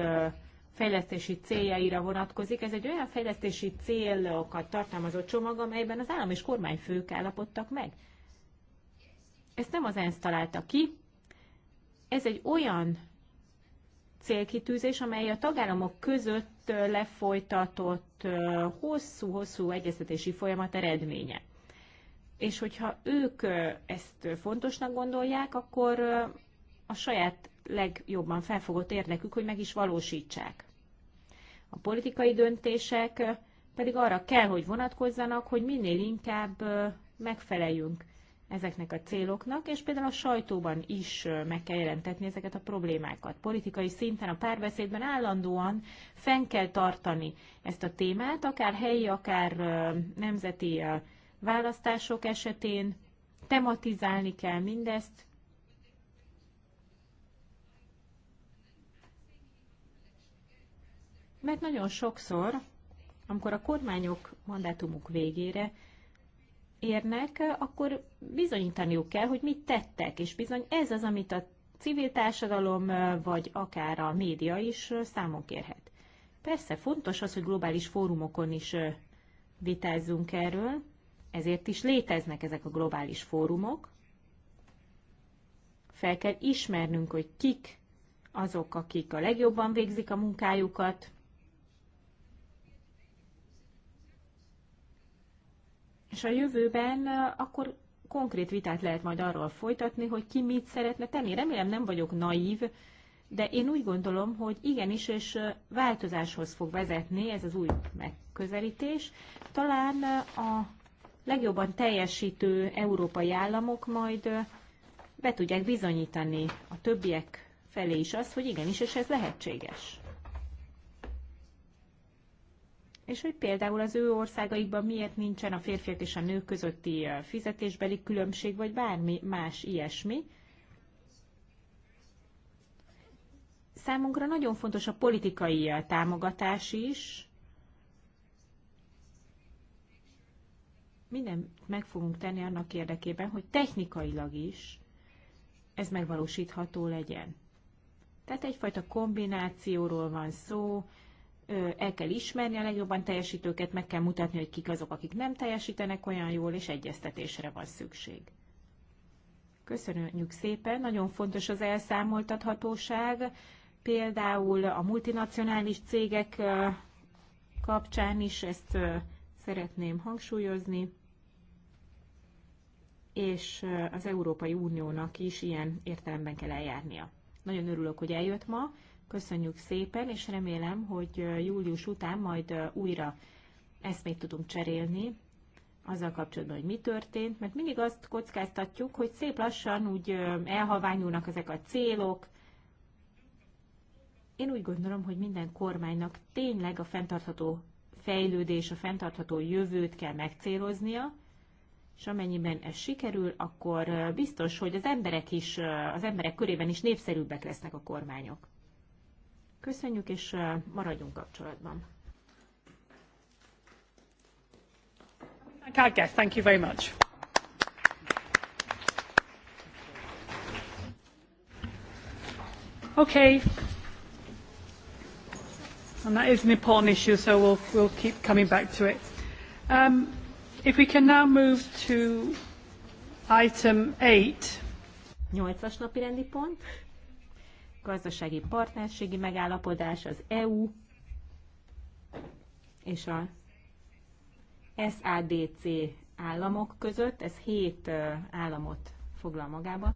fejlesztési céljaira vonatkozik. Ez egy olyan fejlesztési célokat tartalmazó csomag, amelyben az állam és kormányfők állapodtak meg. Ezt nem az ENSZ találta ki. Ez egy olyan célkitűzés, amely a tagállamok között lefolytatott hosszú-hosszú egyeztetési folyamat eredménye. És hogyha ők ezt fontosnak gondolják, akkor a saját legjobban felfogott érdekük, hogy meg is valósítsák. A politikai döntések pedig arra kell, hogy vonatkozzanak, hogy minél inkább megfeleljünk ezeknek a céloknak, és például a sajtóban is meg kell jelentetni ezeket a problémákat. Politikai szinten a párbeszédben állandóan fenn kell tartani ezt a témát, akár helyi, akár nemzeti választások esetén, tematizálni kell mindezt, Mert nagyon sokszor, amikor a kormányok mandátumuk végére érnek, akkor bizonyítaniuk kell, hogy mit tettek, és bizony ez az, amit a civil társadalom, vagy akár a média is számon kérhet. Persze fontos az, hogy globális fórumokon is vitázzunk erről, ezért is léteznek ezek a globális fórumok. Fel kell ismernünk, hogy kik azok, akik a legjobban végzik a munkájukat, És a jövőben akkor konkrét vitát lehet majd arról folytatni, hogy ki mit szeretne tenni. Remélem nem vagyok naív, de én úgy gondolom, hogy igenis, és változáshoz fog vezetni ez az új megközelítés. Talán a legjobban teljesítő európai államok majd be tudják bizonyítani a többiek felé is azt, hogy igenis, és ez lehetséges és hogy például az ő országaikban miért nincsen a férfiak és a nők közötti fizetésbeli különbség, vagy bármi más ilyesmi. Számunkra nagyon fontos a politikai támogatás is. Minden meg fogunk tenni annak érdekében, hogy technikailag is ez megvalósítható legyen. Tehát egyfajta kombinációról van szó, el kell ismerni a legjobban teljesítőket, meg kell mutatni, hogy kik azok, akik nem teljesítenek olyan jól, és egyeztetésre van szükség. Köszönjük szépen, nagyon fontos az elszámoltathatóság, például a multinacionális cégek kapcsán is ezt szeretném hangsúlyozni, és az Európai Uniónak is ilyen értelemben kell eljárnia. Nagyon örülök, hogy eljött ma Köszönjük szépen, és remélem, hogy július után majd újra eszmét tudunk cserélni azzal kapcsolatban, hogy mi történt, mert mindig azt kockáztatjuk, hogy szép lassan úgy elhaványulnak ezek a célok. Én úgy gondolom, hogy minden kormánynak tényleg a fenntartható fejlődés, a fenntartható jövőt kell megcéloznia, és amennyiben ez sikerül, akkor biztos, hogy az emberek is, az emberek körében is népszerűbbek lesznek a kormányok. Köszönjük, és maradjunk kapcsolatban. Thank you very much. Okay. And that is an important issue, so we'll, we'll keep coming back to it. Um, if we can now move to item eight. 8-as napi rendi pont gazdasági partnerségi megállapodás, az EU és a SADC államok között, ez hét államot foglal magába.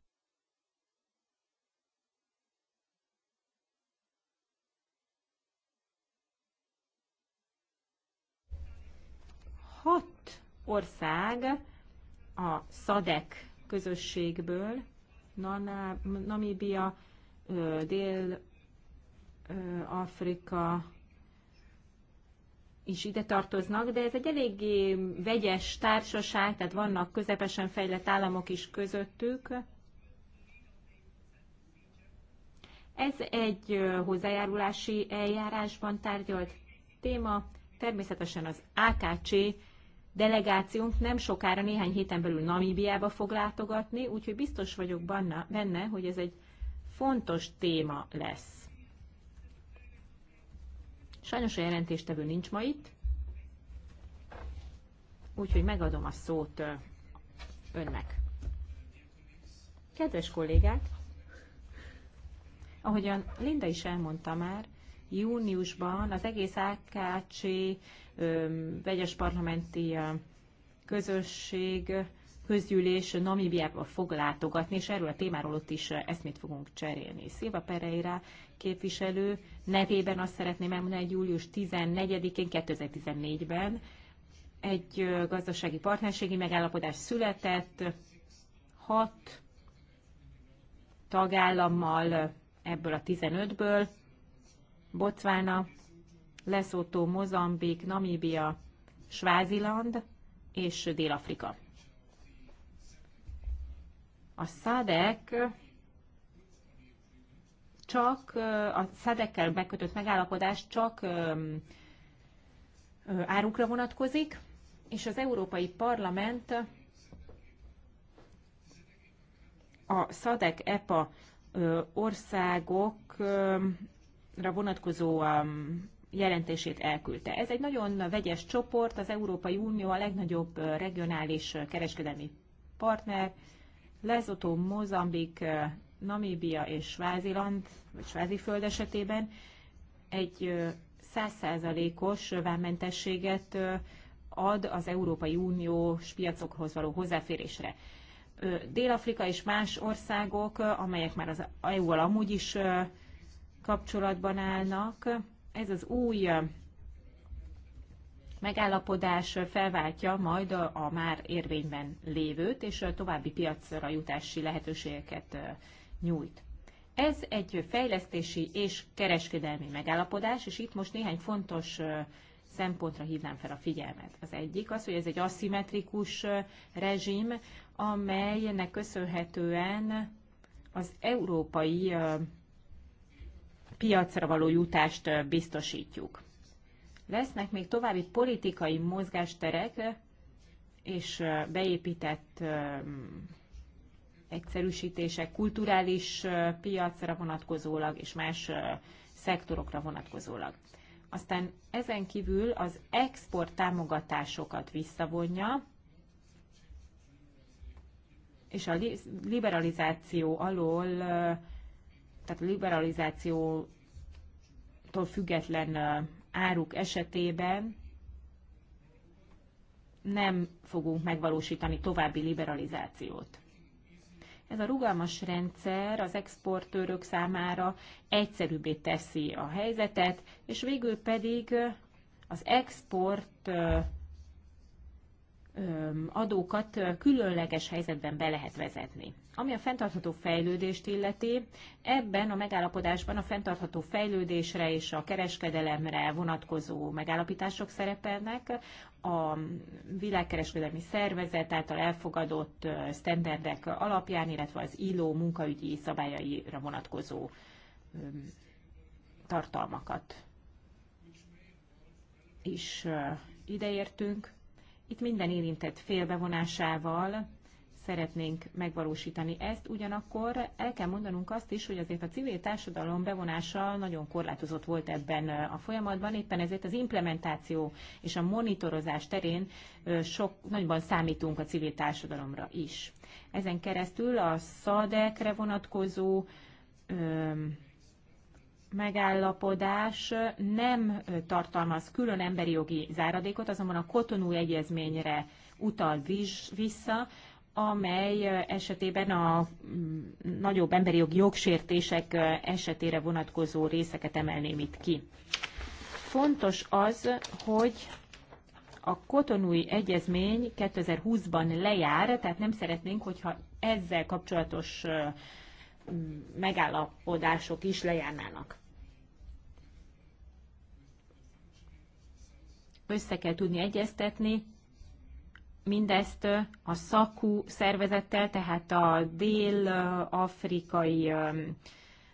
Hat ország a SADEC közösségből, Namíbia, Dél-Afrika is ide tartoznak, de ez egy eléggé vegyes társaság, tehát vannak közepesen fejlett államok is közöttük. Ez egy hozzájárulási eljárásban tárgyalt téma. Természetesen az AKC delegációnk nem sokára, néhány héten belül Namíbiába fog látogatni, úgyhogy biztos vagyok benne, hogy ez egy fontos téma lesz. Sajnos a jelentéstevő nincs ma itt, úgyhogy megadom a szót önnek. Kedves kollégák, ahogyan Linda is elmondta már, júniusban az egész AKC vegyes parlamenti közösség közgyűlés Namibiába fog látogatni, és erről a témáról ott is eszmét fogunk cserélni. Szilva Pereira képviselő nevében azt szeretném elmondani, hogy július 14-én 2014-ben egy gazdasági partnerségi megállapodás született, hat tagállammal ebből a 15-ből, Botswana, Lesotho, Mozambik, Namíbia, Sváziland és Dél-Afrika. A SZADEK csak a szedekkel megkötött megállapodás csak árukra vonatkozik, és az Európai Parlament a SZADEK-EPA országokra vonatkozó jelentését elküldte. Ez egy nagyon vegyes csoport, az Európai Unió a legnagyobb regionális kereskedelmi partner, Lesotho, Mozambik, eh, Namíbia és Sváziland, vagy Sváziföld esetében egy eh, százszázalékos vámmentességet eh, ad az Európai Uniós piacokhoz való hozzáférésre. Dél-Afrika és más országok, amelyek már az EU-val amúgy is kapcsolatban állnak, ez az új megállapodás felváltja majd a már érvényben lévőt, és további piacra jutási lehetőségeket nyújt. Ez egy fejlesztési és kereskedelmi megállapodás, és itt most néhány fontos szempontra hívnám fel a figyelmet. Az egyik az, hogy ez egy aszimmetrikus rezsim, amelynek köszönhetően az európai piacra való jutást biztosítjuk. Lesznek még további politikai mozgásterek és beépített egyszerűsítések kulturális piacra vonatkozólag és más szektorokra vonatkozólag. Aztán ezen kívül az export támogatásokat visszavonja, és a liberalizáció alól, tehát a liberalizációtól független áruk esetében nem fogunk megvalósítani további liberalizációt. Ez a rugalmas rendszer az exportőrök számára egyszerűbbé teszi a helyzetet, és végül pedig az export adókat különleges helyzetben be lehet vezetni. Ami a fenntartható fejlődést illeti, ebben a megállapodásban a fenntartható fejlődésre és a kereskedelemre vonatkozó megállapítások szerepelnek, a világkereskedelmi szervezet által elfogadott sztenderdek alapján, illetve az ILO munkaügyi szabályaira vonatkozó tartalmakat is ideértünk itt minden érintett félbevonásával szeretnénk megvalósítani ezt, ugyanakkor el kell mondanunk azt is, hogy azért a civil társadalom bevonása nagyon korlátozott volt ebben a folyamatban, éppen ezért az implementáció és a monitorozás terén sok, nagyban számítunk a civil társadalomra is. Ezen keresztül a szadekre vonatkozó öm, megállapodás nem tartalmaz külön emberi jogi záradékot, azonban a Kotonú egyezményre utal vissza, amely esetében a mm, nagyobb emberi jogi jogsértések esetére vonatkozó részeket emelném itt ki. Fontos az, hogy a kotonúi egyezmény 2020-ban lejár, tehát nem szeretnénk, hogyha ezzel kapcsolatos megállapodások is lejárnának. Össze kell tudni egyeztetni mindezt a szakú szervezettel, tehát a dél-afrikai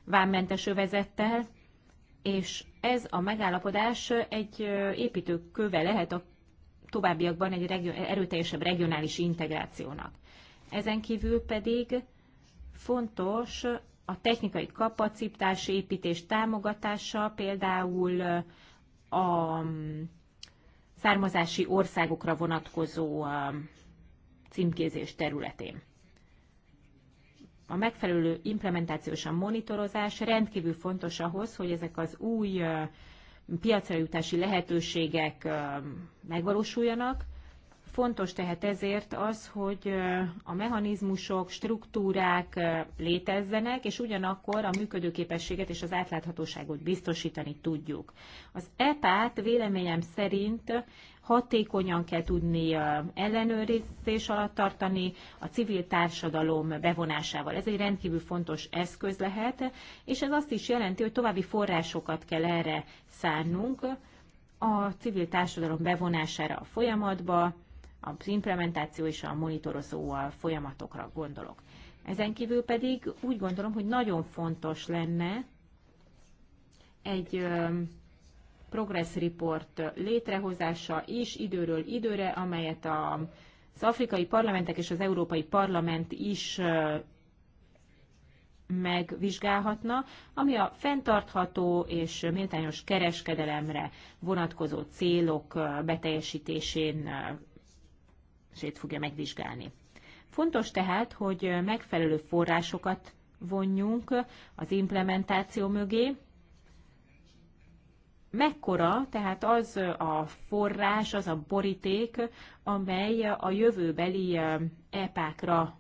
vámmentes övezettel, és ez a megállapodás egy építőköve lehet a továbbiakban egy erőteljesebb regionális integrációnak. Ezen kívül pedig fontos a technikai kapacitás építés támogatása, például a mm, származási országokra vonatkozó címkézés területén. A megfelelő implementációs a monitorozás rendkívül fontos ahhoz, hogy ezek az új piacra jutási lehetőségek megvalósuljanak, Fontos tehet ezért az, hogy a mechanizmusok, struktúrák létezzenek, és ugyanakkor a működőképességet és az átláthatóságot biztosítani tudjuk. Az epe-t véleményem szerint hatékonyan kell tudni ellenőrizés alatt tartani a civil társadalom bevonásával. Ez egy rendkívül fontos eszköz lehet, és ez azt is jelenti, hogy további forrásokat kell erre szánnunk, a civil társadalom bevonására a folyamatba, az implementáció és a monitorozó folyamatokra gondolok. Ezen kívül pedig úgy gondolom, hogy nagyon fontos lenne egy progress report létrehozása is időről időre, amelyet a az afrikai parlamentek és az európai parlament is megvizsgálhatna, ami a fenntartható és méltányos kereskedelemre vonatkozó célok beteljesítésén szét fogja megvizsgálni. Fontos tehát, hogy megfelelő forrásokat vonjunk az implementáció mögé. Mekkora tehát az a forrás, az a boríték, amely a jövőbeli epákra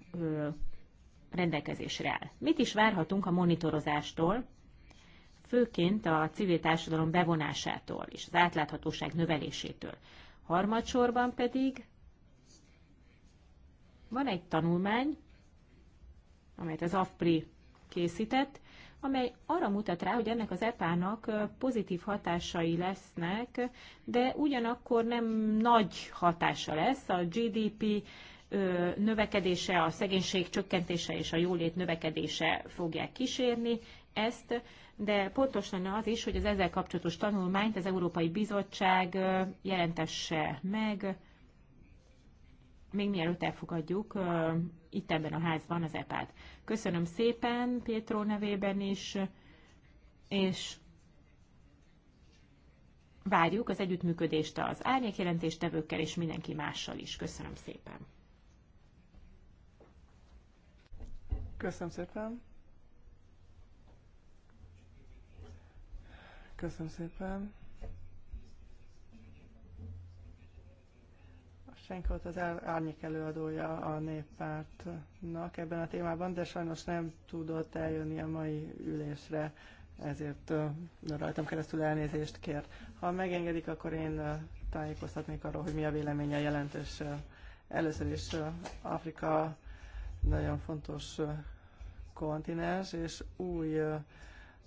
rendelkezésre áll. Mit is várhatunk a monitorozástól, főként a civil társadalom bevonásától és az átláthatóság növelésétől. Harmadsorban pedig van egy tanulmány, amelyet az AFPRI készített, amely arra mutat rá, hogy ennek az epának pozitív hatásai lesznek, de ugyanakkor nem nagy hatása lesz a GDP növekedése, a szegénység csökkentése és a jólét növekedése fogják kísérni ezt, de pontos lenne az is, hogy az ezzel kapcsolatos tanulmányt az Európai Bizottság jelentesse meg, még mielőtt elfogadjuk itt ebben a házban az EPÁT. Köszönöm szépen Pétró nevében is, és várjuk az együttműködést az árnyékjelentéstevőkkel és mindenki mással is. Köszönöm szépen. Köszönöm szépen. Köszönöm szépen. volt az árnyék előadója a néppártnak ebben a témában, de sajnos nem tudott eljönni a mai ülésre, ezért rajtam keresztül elnézést kér. Ha megengedik, akkor én tájékoztatnék arról, hogy mi a véleménye jelentős. Először is Afrika nagyon fontos kontinens, és új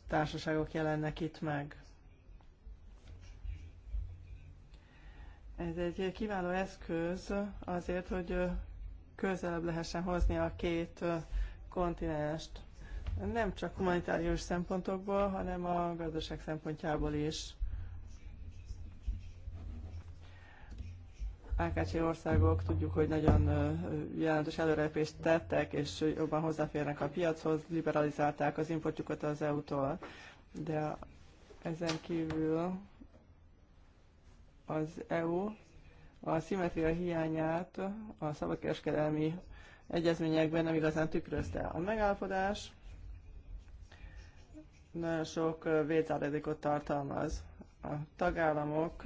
társaságok jelennek itt meg. Ez egy kiváló eszköz azért, hogy közelebb lehessen hozni a két kontinenst. Nem csak humanitárius szempontokból, hanem a gazdaság szempontjából is. Ákácsi országok tudjuk, hogy nagyon jelentős előrelépést tettek, és jobban hozzáférnek a piachoz, liberalizálták az importjukat az EU-tól. De ezen kívül az EU a szimetria hiányát a szabadkereskedelmi egyezményekben nem igazán tükrözte. A megállapodás nagyon sok védzáradékot tartalmaz. A tagállamok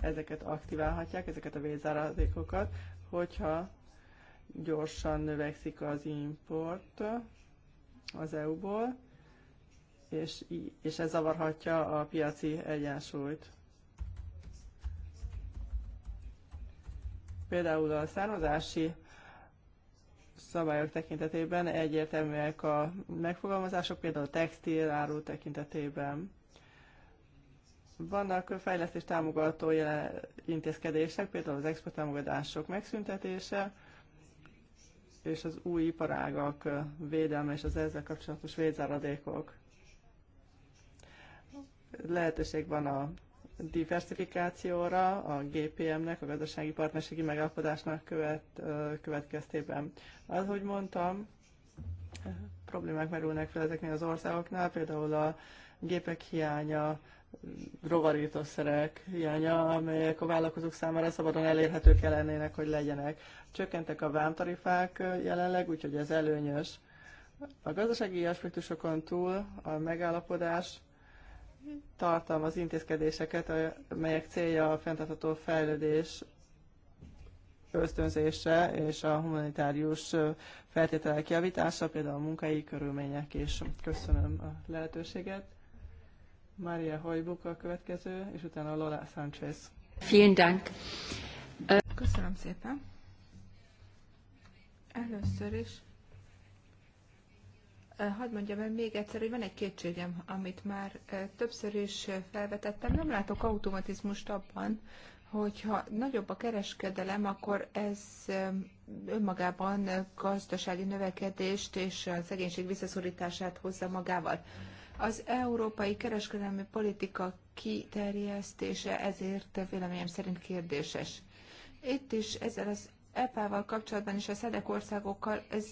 ezeket aktiválhatják, ezeket a védzáradékokat, hogyha gyorsan növekszik az import az EU-ból, és, és ez zavarhatja a piaci egyensúlyt. Például a származási szabályok tekintetében egyértelműek a megfogalmazások, például a áru tekintetében. Vannak fejlesztés támogató intézkedések, például az export támogatások megszüntetése, és az új iparágak védelme és az ezzel kapcsolatos védzáradékok. Lehetőség van a diversifikációra a GPM-nek, a gazdasági partnerségi megállapodásnak követ, következtében. Az, hogy mondtam, problémák merülnek fel ezeknél az országoknál, például a gépek hiánya, rovarítószerek hiánya, amelyek a vállalkozók számára szabadon elérhetők kellene, lennének, hogy legyenek. Csökkentek a vámtarifák jelenleg, úgyhogy ez előnyös. A gazdasági aspektusokon túl a megállapodás tartalmaz intézkedéseket, melyek célja a fenntartható fejlődés ösztönzése és a humanitárius feltételek javítása, például a munkai körülmények is. Köszönöm a lehetőséget. Maria Hajbuk a következő, és utána Lola Sánchez. Vielen Dank. Köszönöm szépen. Először is Hadd mondjam el még egyszer, hogy van egy kétségem, amit már többször is felvetettem. Nem látok automatizmust abban, hogyha nagyobb a kereskedelem, akkor ez önmagában gazdasági növekedést és a szegénység visszaszorítását hozza magával. Az európai kereskedelmi politika kiterjesztése ezért véleményem szerint kérdéses. Itt is ezzel az EPA-val kapcsolatban és a szedek országokkal ez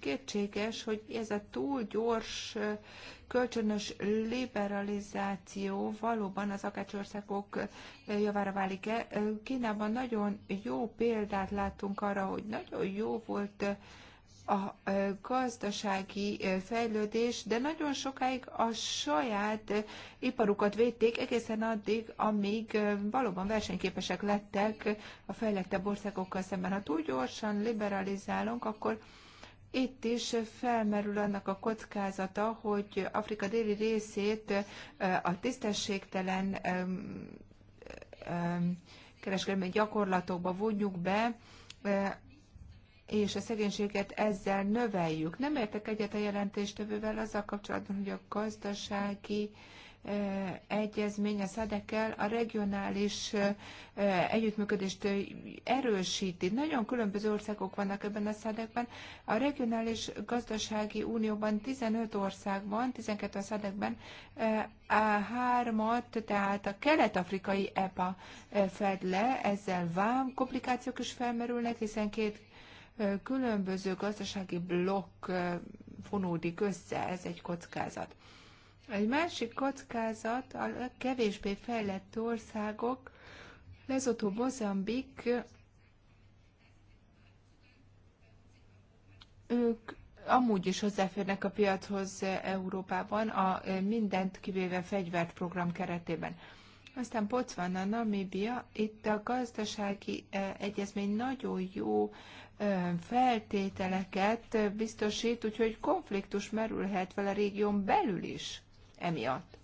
kétséges, hogy ez a túl gyors kölcsönös liberalizáció valóban az akácsországok javára válik-e. Kínában nagyon jó példát láttunk arra, hogy nagyon jó volt a gazdasági fejlődés, de nagyon sokáig a saját iparukat védték, egészen addig, amíg valóban versenyképesek lettek a fejlettebb országokkal szemben. Ha túl gyorsan liberalizálunk, akkor itt is felmerül annak a kockázata, hogy Afrika déli részét a tisztességtelen kereskedelmi gyakorlatokba vonjuk be, és a szegénységet ezzel növeljük. Nem értek egyet a jelentéstevővel azzal kapcsolatban, hogy a gazdasági egyezmény a SZEDEKkel a regionális együttműködést erősíti. Nagyon különböző országok vannak ebben a SZEDEKben. A regionális gazdasági unióban 15 országban, 12 a SZEDEKben, a hármat, tehát a kelet-afrikai EPA fed le, ezzel vám komplikációk is felmerülnek, hiszen két különböző gazdasági blokk fonódik össze, ez egy kockázat. Egy másik kockázat a kevésbé fejlett országok, Lesotho, Mozambik, ők amúgy is hozzáférnek a piachoz Európában, a mindent kivéve fegyvert program keretében. Aztán Botswana, Namibia, itt a gazdasági e, egyezmény nagyon jó e, feltételeket biztosít, úgyhogy konfliktus merülhet vele a régión belül is emiatt.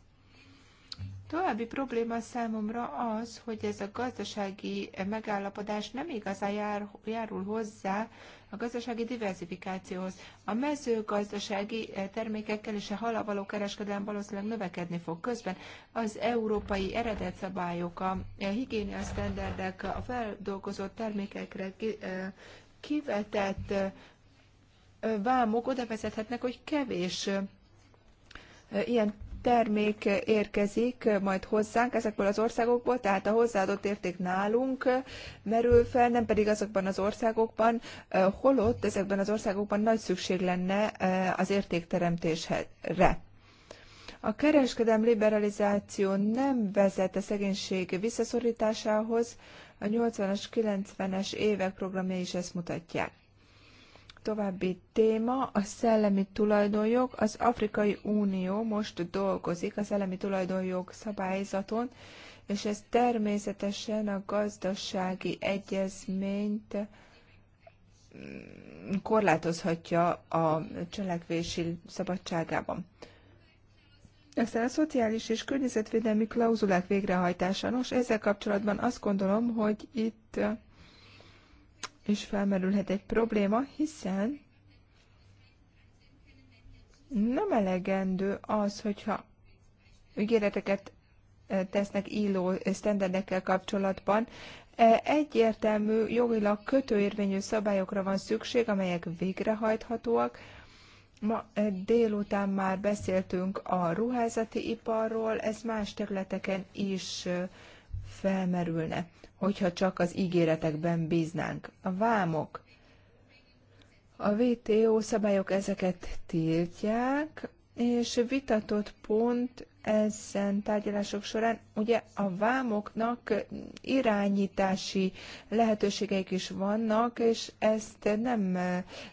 További probléma számomra az, hogy ez a gazdasági megállapodás nem igazán jár, járul hozzá a gazdasági diversifikációhoz. A mezőgazdasági eh, termékekkel és a halavaló kereskedelem valószínűleg növekedni fog közben. Az európai eredetszabályok, a higiénia sztenderdek, a feldolgozott termékekre eh, kivetett eh, vámok oda vezethetnek, hogy kevés ilyen termék érkezik majd hozzánk ezekből az országokból, tehát a hozzáadott érték nálunk merül fel, nem pedig azokban az országokban, holott ezekben az országokban nagy szükség lenne eh, az értékteremtésre. A kereskedelmi liberalizáció nem vezet a szegénység visszaszorításához, a 80-as, 90-es évek programjai is ezt mutatják. További téma a szellemi tulajdonjog. Az Afrikai Unió most dolgozik a szellemi tulajdonjog szabályzaton, és ez természetesen a gazdasági egyezményt mm, korlátozhatja a cselekvési szabadságában. Aztán a szociális és környezetvédelmi klauzulák végrehajtása. Nos, ezzel kapcsolatban azt gondolom, hogy itt is felmerülhet egy probléma, hiszen nem elegendő az, hogyha ügyéleteket eh, tesznek illó sztenderdekkel kapcsolatban. Eh, egyértelmű, jogilag kötőérvényű szabályokra van szükség, amelyek végrehajthatóak. Ma eh, délután már beszéltünk a ruházati iparról, ez más területeken is felmerülne, hogyha csak az ígéretekben bíznánk. A vámok. A WTO szabályok ezeket tiltják, és vitatott pont ezen tárgyalások során, ugye a vámoknak irányítási lehetőségeik is vannak, és ezt nem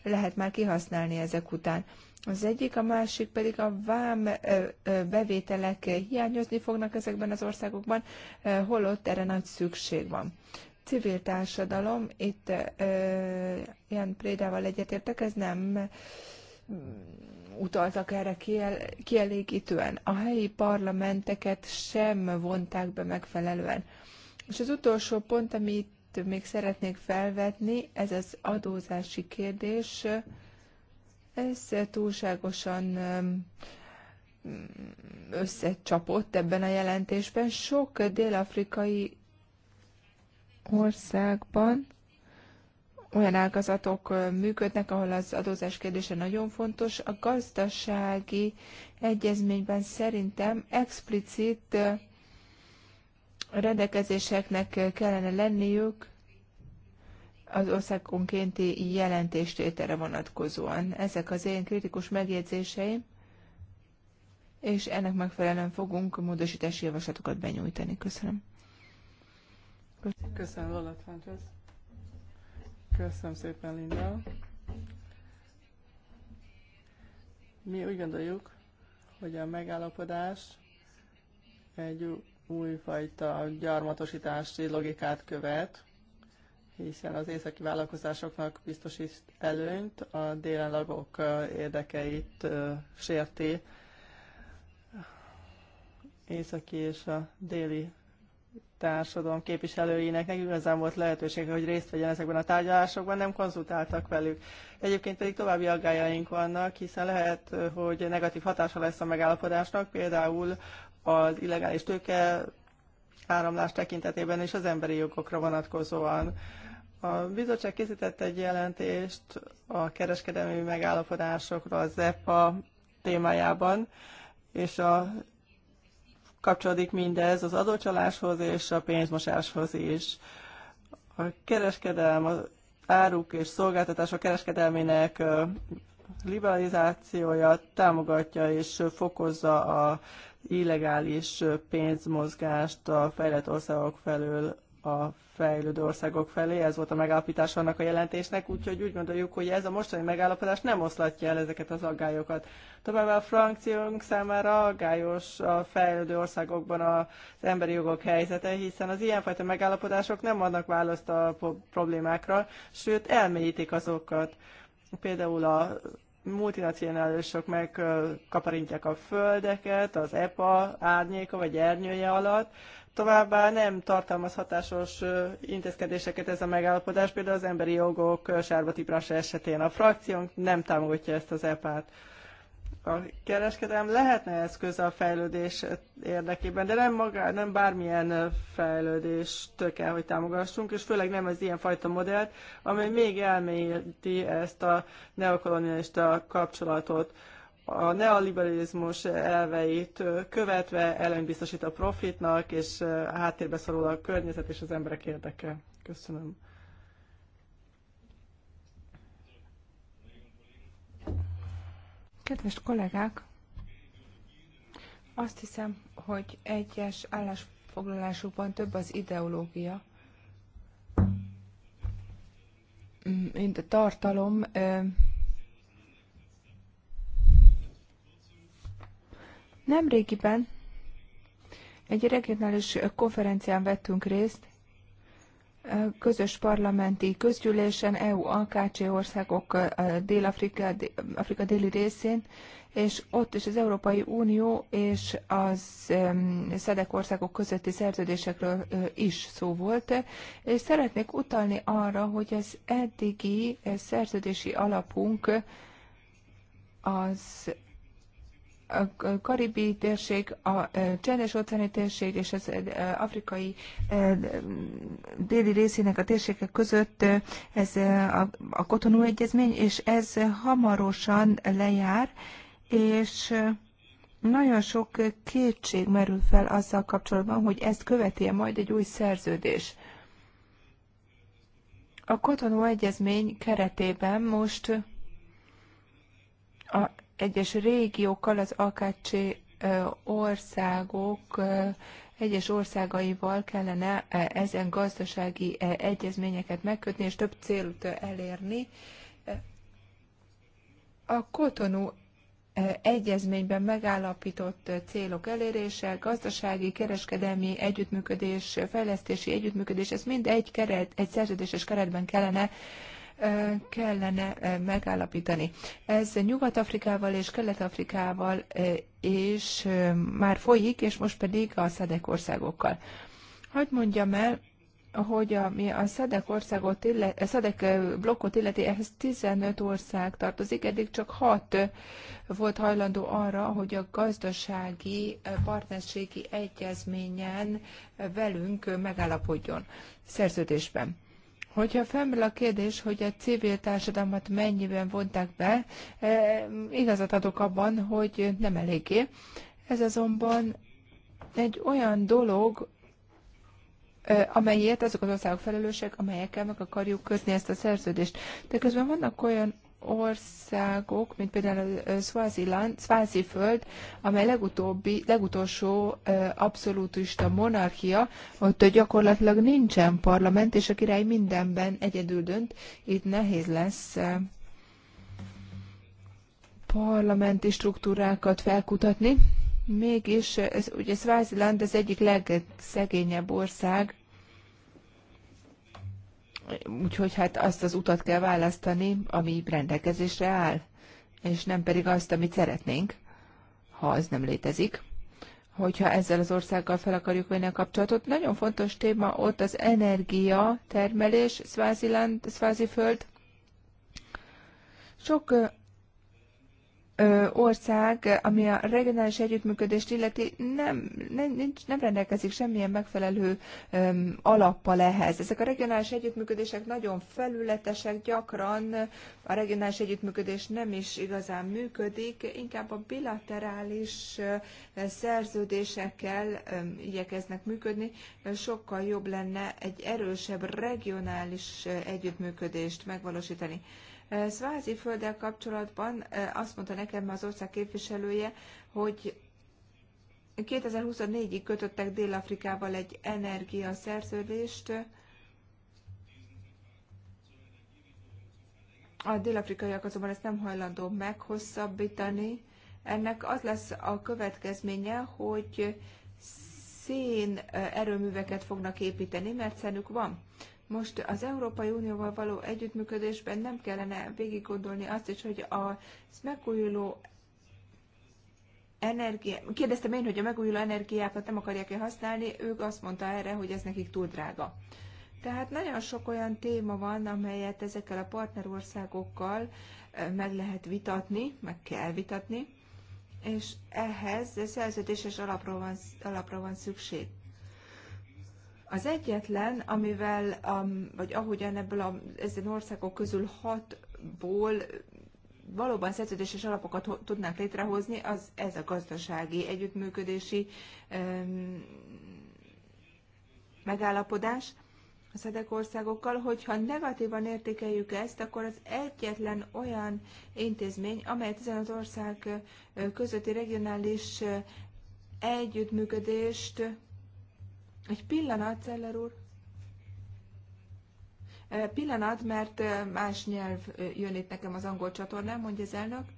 lehet már kihasználni ezek után. Az egyik, a másik pedig a vám bevételek hiányozni fognak ezekben az országokban, holott erre nagy szükség van. Civil társadalom, itt ilyen Prédával egyetértek, ez nem mm, utaltak erre kiel, kielégítően. A helyi parlamenteket sem vonták be megfelelően. És az utolsó pont, amit még szeretnék felvetni, ez az adózási kérdés. Ez túlságosan összecsapott ebben a jelentésben. Sok dél-afrikai országban olyan ágazatok működnek, ahol az adózás kérdése nagyon fontos. A gazdasági egyezményben szerintem explicit rendelkezéseknek kellene lenniük az országonkénti jelentéstételre vonatkozóan. Ezek az én kritikus megjegyzéseim, és ennek megfelelően fogunk módosítási javaslatokat benyújtani. Köszönöm. Köszönöm, Köszönöm Lola Frances. Köszönöm szépen, Linda. Mi úgy gondoljuk, hogy a megállapodás egy újfajta gyarmatosítási logikát követ, hiszen az északi vállalkozásoknak biztosít előnyt, a délenlagok érdekeit sérti. Északi és a déli társadalom képviselőinek nem igazán volt lehetősége, hogy részt vegyen ezekben a tárgyalásokban, nem konzultáltak velük. Egyébként pedig további aggájaink vannak, hiszen lehet, hogy negatív hatása lesz a megállapodásnak, például az illegális tőke áramlás tekintetében és az emberi jogokra vonatkozóan. A bizottság készített egy jelentést a kereskedelmi megállapodásokról az EPA témájában, és a, kapcsolódik mindez az adócsaláshoz és a pénzmosáshoz is. A kereskedelem, az áruk és szolgáltatások kereskedelmének liberalizációja támogatja és fokozza a illegális pénzmozgást a fejlett országok felől a fejlődő országok felé, ez volt a megállapítás annak a jelentésnek, úgyhogy úgy gondoljuk, hogy ez a mostani megállapodás nem oszlatja el ezeket az aggályokat. Továbbá a frankciónk számára aggályos a fejlődő országokban az emberi jogok helyzete, hiszen az ilyenfajta megállapodások nem adnak választ a problémákra, sőt elmélyítik azokat. Például a multinacionálisok megkaparintják a földeket, az EPA árnyéka vagy ernyője alatt, Továbbá nem tartalmaz hatásos intézkedéseket ez a megállapodás, például az emberi jogok sárba tiprása esetén. A frakciónk nem támogatja ezt az EPA-t. A kereskedelem lehetne eszköz a fejlődés érdekében, de nem, magá, nem bármilyen fejlődést kell, hogy támogassunk, és főleg nem az ilyenfajta modellt, amely még elmélyíti ezt a neokolonialista kapcsolatot a neoliberalizmus elveit követve előny biztosít a profitnak, és háttérbe szorul a környezet és az emberek érdeke. Köszönöm. Kedves kollégák, azt hiszem, hogy egyes állásfoglalásukban több az ideológia, mm, mint a tartalom, Nemrégiben egy regionális konferencián vettünk részt, közös parlamenti közgyűlésen EU AKC országok Dél-Afrika Afrika déli részén, és ott is az Európai Unió és az szedek országok közötti szerződésekről is szó volt, és szeretnék utalni arra, hogy az eddigi szerződési alapunk az a karibi térség, a e, csendes óceáni térség és az e, e, afrikai déli részének a térségek között ez a, kotonú egyezmény, és ez hamarosan lejár, és nagyon sok kétség merül fel azzal kapcsolatban, hogy ezt követi -e majd egy új szerződés. A kotonó egyezmény keretében most a egyes régiókkal, az AKC országok egyes országaival kellene ezen gazdasági egyezményeket megkötni, és több célt elérni. A Kotonú egyezményben megállapított célok elérése, gazdasági, kereskedelmi együttműködés, fejlesztési együttműködés, ez mind egy, keret, egy szerződéses keretben kellene kellene megállapítani. Ez Nyugat-Afrikával és Kelet-Afrikával és már folyik, és most pedig a szedek országokkal. Hogy mondjam el, hogy ami a SZEDEK, országot illet, SZEDEK blokkot illeti, ehhez 15 ország tartozik, eddig csak 6 volt hajlandó arra, hogy a gazdasági partnerségi egyezményen velünk megállapodjon szerződésben. Hogyha felmerül a kérdés, hogy a civil társadalmat mennyiben vonták be, e, igazat adok abban, hogy nem eléggé. Ez azonban egy olyan dolog, e, amelyért azok az országok felelősek, amelyekkel meg akarjuk kötni ezt a szerződést. De közben vannak olyan országok, mint például Swaziland, Swaziföld, amely legutóbbi, legutolsó abszolútista monarchia, ott gyakorlatilag nincsen parlament, és a király mindenben egyedül dönt, itt nehéz lesz parlamenti struktúrákat felkutatni. Mégis, ez, ugye Swaziland az egyik legszegényebb ország Úgyhogy hát azt az utat kell választani, ami rendelkezésre áll, és nem pedig azt, amit szeretnénk, ha az nem létezik. Hogyha ezzel az országgal fel akarjuk venni a kapcsolatot, nagyon fontos téma ott az energia termelés, Swaziland, Swaziföld. Sok ország, ami a regionális együttműködést illeti, nem, nem, nincs, nem rendelkezik semmilyen megfelelő öm, alappal ehhez. Ezek a regionális együttműködések nagyon felületesek, gyakran a regionális együttműködés nem is igazán működik, inkább a bilaterális szerződésekkel öm, igyekeznek működni. Sokkal jobb lenne egy erősebb regionális együttműködést megvalósítani. Szvázi földdel kapcsolatban azt mondta nekem az ország képviselője, hogy 2024-ig kötöttek Dél-Afrikával egy energiaszerződést, A dél-afrikaiak azonban ezt nem hajlandó meghosszabbítani. Ennek az lesz a következménye, hogy szén erőműveket fognak építeni, mert szenük van. Most az Európai Unióval való együttműködésben nem kellene gondolni azt is, hogy a megújuló energia... Kérdeztem én, hogy a megújuló energiákat nem akarják-e használni, ők azt mondta erre, hogy ez nekik túl drága. Tehát nagyon sok olyan téma van, amelyet ezekkel a partnerországokkal meg lehet vitatni, meg kell vitatni, és ehhez szerződéses alapra van, alapra van szükség. Az egyetlen, amivel, um, vagy ahogyan ebből a, ezen országok közül hatból valóban szerződéses alapokat tudnánk létrehozni, az ez a gazdasági együttműködési um, megállapodás a szedek országokkal, hogyha negatívan értékeljük ezt, akkor az egyetlen olyan intézmény, amely az ország közötti regionális együttműködést egy pillanat, Zeller úr. Pillanat, mert más nyelv jön itt nekem az angol csatornán, mondja az elnök.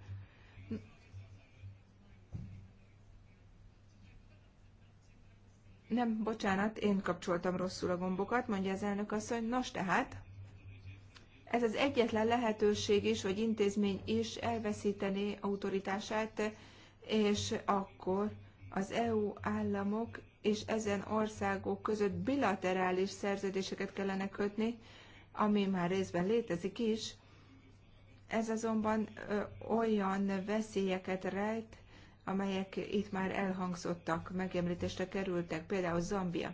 Nem, bocsánat, én kapcsoltam rosszul a gombokat, mondja az elnök asszony. Nos tehát, ez az egyetlen lehetőség is, hogy intézmény is elveszítené autoritását, és akkor az EU államok és ezen országok között bilaterális szerződéseket kellene kötni, ami már részben létezik is. Ez azonban olyan veszélyeket rejt, amelyek itt már elhangzottak, megemlítésre kerültek, például Zambia.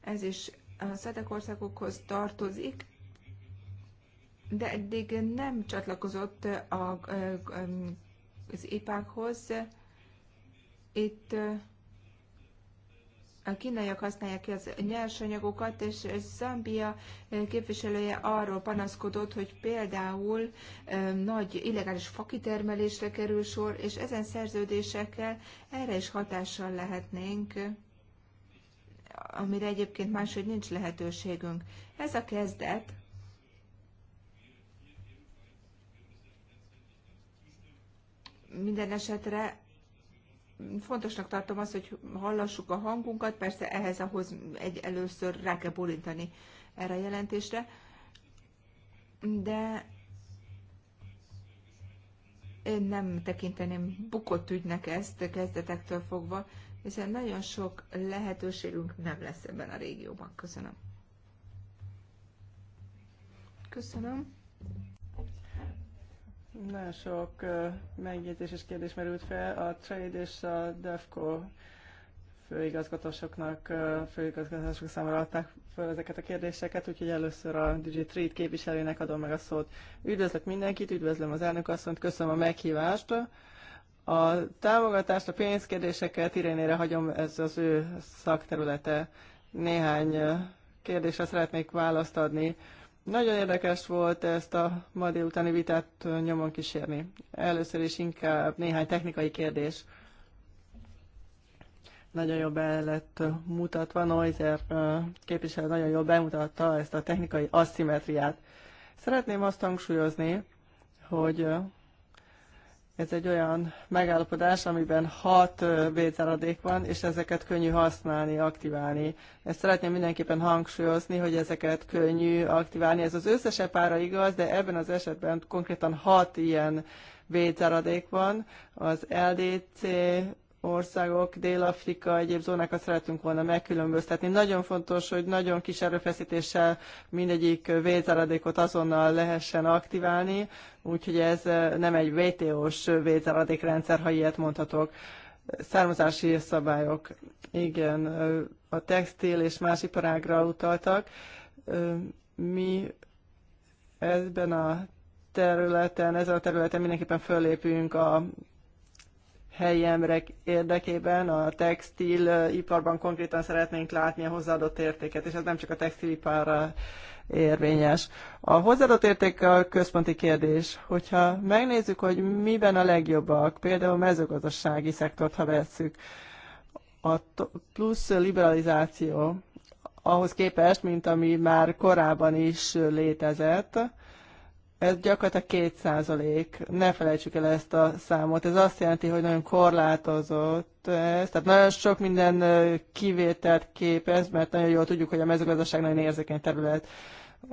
Ez is a szedek országokhoz tartozik, de eddig nem csatlakozott a, az IPÁkhoz. Itt a kínaiak használják ki az nyersanyagokat, és Zambia eh, képviselője arról panaszkodott, hogy például eh, nagy illegális fakitermelésre kerül sor, és ezen szerződésekkel erre is hatással lehetnénk, amire egyébként máshogy nincs lehetőségünk. Ez a kezdet. Minden esetre fontosnak tartom azt, hogy hallassuk a hangunkat, persze ehhez ahhoz egy először rá kell bólintani erre a jelentésre, de én nem tekinteném bukott ügynek ezt kezdetektől fogva, hiszen nagyon sok lehetőségünk nem lesz ebben a régióban. Köszönöm. Köszönöm. Nagyon sok megjegyzés és kérdés merült fel. A Trade és a DEFCO főigazgatósoknak, főigazgatások számára adták fel ezeket a kérdéseket, úgyhogy először a Trade képviselőnek adom meg a szót. Üdvözlök mindenkit, üdvözlöm az elnök asszonyt, köszönöm a meghívást. A támogatást, a pénzkérdéseket Irénére hagyom, ez az ő szakterülete. Néhány kérdésre szeretnék választ adni. Nagyon érdekes volt ezt a ma délutáni vitát nyomon kísérni. Először is inkább néhány technikai kérdés. Nagyon jól be lett mutatva, Noizer képviselő nagyon jól bemutatta ezt a technikai asszimetriát. Szeretném azt hangsúlyozni, hogy ez egy olyan megállapodás, amiben hat vételadék van, és ezeket könnyű használni, aktiválni. Ezt szeretném mindenképpen hangsúlyozni, hogy ezeket könnyű aktiválni. Ez az összes epára igaz, de ebben az esetben konkrétan hat ilyen vételadék van. Az LDC országok, Dél-Afrika, egyéb zónákat szeretünk volna megkülönböztetni. Nagyon fontos, hogy nagyon kis erőfeszítéssel mindegyik védzáradékot azonnal lehessen aktiválni, úgyhogy ez eh, nem egy WTO-s védzáradékrendszer, ha ilyet mondhatok. Származási szabályok. Igen, eh, a textil és más iparágra utaltak. Eh, mi ebben a területen, ezen a területen mindenképpen föllépünk a helyi emberek érdekében, a textiliparban konkrétan szeretnénk látni a hozzáadott értéket, és ez nem csak a textiliparra érvényes. A hozzáadott érték a központi kérdés. Hogyha megnézzük, hogy miben a legjobbak, például a mezőgazdasági szektort, ha vesszük, a plusz liberalizáció ahhoz képest, mint ami már korábban is létezett, ez gyakorlatilag 2 százalék. Ne felejtsük el ezt a számot. Ez azt jelenti, hogy nagyon korlátozott ez. Tehát nagyon sok minden kivételt képez, mert nagyon jól tudjuk, hogy a mezőgazdaság nagyon érzékeny terület.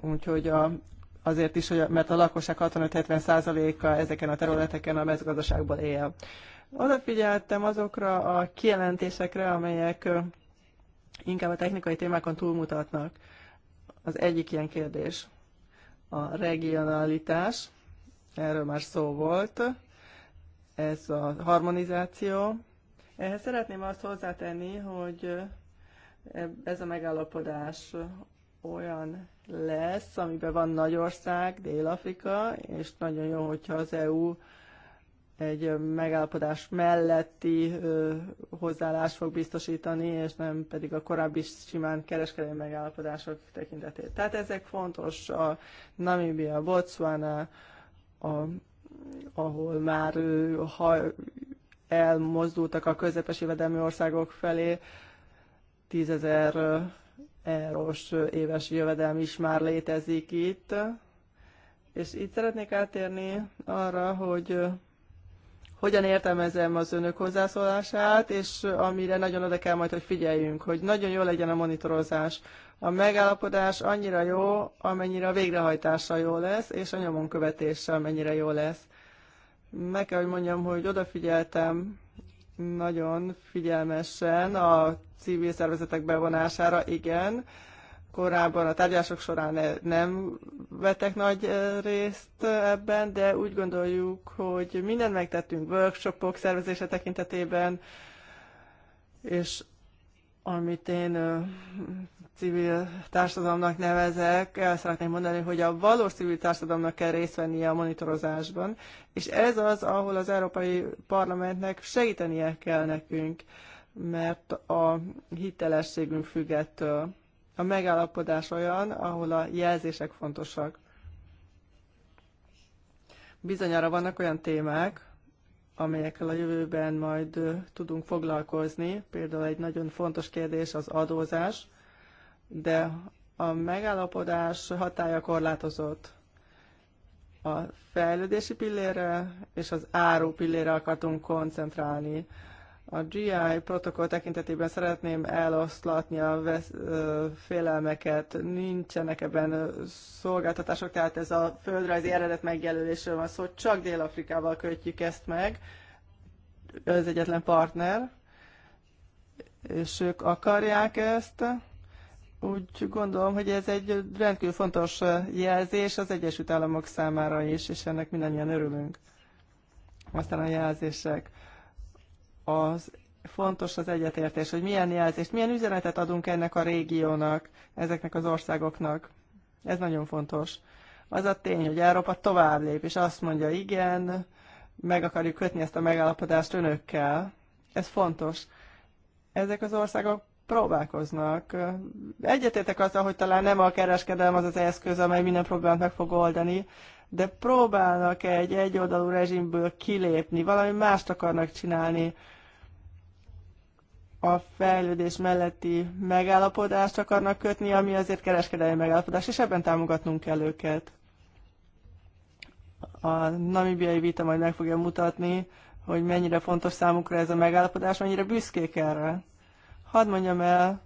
Úgyhogy a, azért is, hogy, mert a lakosság 65-70 százaléka ezeken a területeken a mezőgazdaságból él. Odafigyeltem azokra a kijelentésekre, amelyek inkább a technikai témákon túlmutatnak. Az egyik ilyen kérdés. A regionalitás, erről már szó volt, ez a harmonizáció. Ehhez szeretném azt hozzátenni, hogy ez a megállapodás olyan lesz, amiben van Nagyország, Dél-Afrika, és nagyon jó, hogyha az EU egy megállapodás melletti hozzáállás fog biztosítani, és nem pedig a korábbi simán kereskedelmi megállapodások tekintetét. Tehát ezek fontos a Namibia, Botswana, a, ahol már ha elmozdultak a közepes jövedelmi országok felé, tízezer eurós éves jövedelm is már létezik itt. És itt szeretnék átérni arra, hogy hogyan értelmezem az önök hozzászólását, és amire nagyon oda kell majd, hogy figyeljünk, hogy nagyon jó legyen a monitorozás. A megállapodás annyira jó, amennyire a végrehajtása jó lesz, és a nyomon követése amennyire jó lesz. Meg kell, hogy mondjam, hogy odafigyeltem nagyon figyelmesen a civil szervezetek bevonására, igen, korábban a tárgyalások során e- nem vettek nagy e, részt e, ebben, de úgy gondoljuk, hogy mindent megtettünk workshopok szervezése tekintetében, és amit én civil társadalomnak nevezek, el szeretném mondani, hogy a valós civil társadalomnak kell részt vennie a monitorozásban, és ez az, ahol az Európai Parlamentnek segítenie kell nekünk, mert a hitelességünk függettől a megállapodás olyan, ahol a jelzések fontosak. Bizonyára vannak olyan témák, amelyekkel a jövőben majd tudunk foglalkozni. Például egy nagyon fontos kérdés az adózás, de a megállapodás hatája korlátozott. A fejlődési pillére és az áru pillére akartunk koncentrálni. A GI protokoll tekintetében szeretném eloszlatni a vesz, ö, félelmeket. Nincsenek ebben szolgáltatások, tehát ez a földrajzi eredet megjelölésről van szó, szóval csak Dél-Afrikával kötjük ezt meg. ez az egyetlen partner, és ők akarják ezt. Úgy gondolom, hogy ez egy rendkívül fontos jelzés az Egyesült Államok számára is, és ennek mindannyian örülünk. Aztán a jelzések az fontos az egyetértés, hogy milyen jelzést, milyen üzenetet adunk ennek a régiónak, ezeknek az országoknak. Ez nagyon fontos. Az a tény, hogy Európa tovább lép, és azt mondja, igen, meg akarjuk kötni ezt a megállapodást önökkel. Ez fontos. Ezek az országok próbálkoznak. Egyetértek azzal, hogy talán nem a kereskedelem az az eszköz, amely minden problémát meg fog oldani, de próbálnak egy egyoldalú rezsimből kilépni, valami mást akarnak csinálni. A fejlődés melletti megállapodást akarnak kötni, ami azért kereskedelmi megállapodás, és ebben támogatnunk kell őket. A namibiai vita majd meg fogja mutatni, hogy mennyire fontos számukra ez a megállapodás, mennyire büszkék erre. Hadd mondjam el,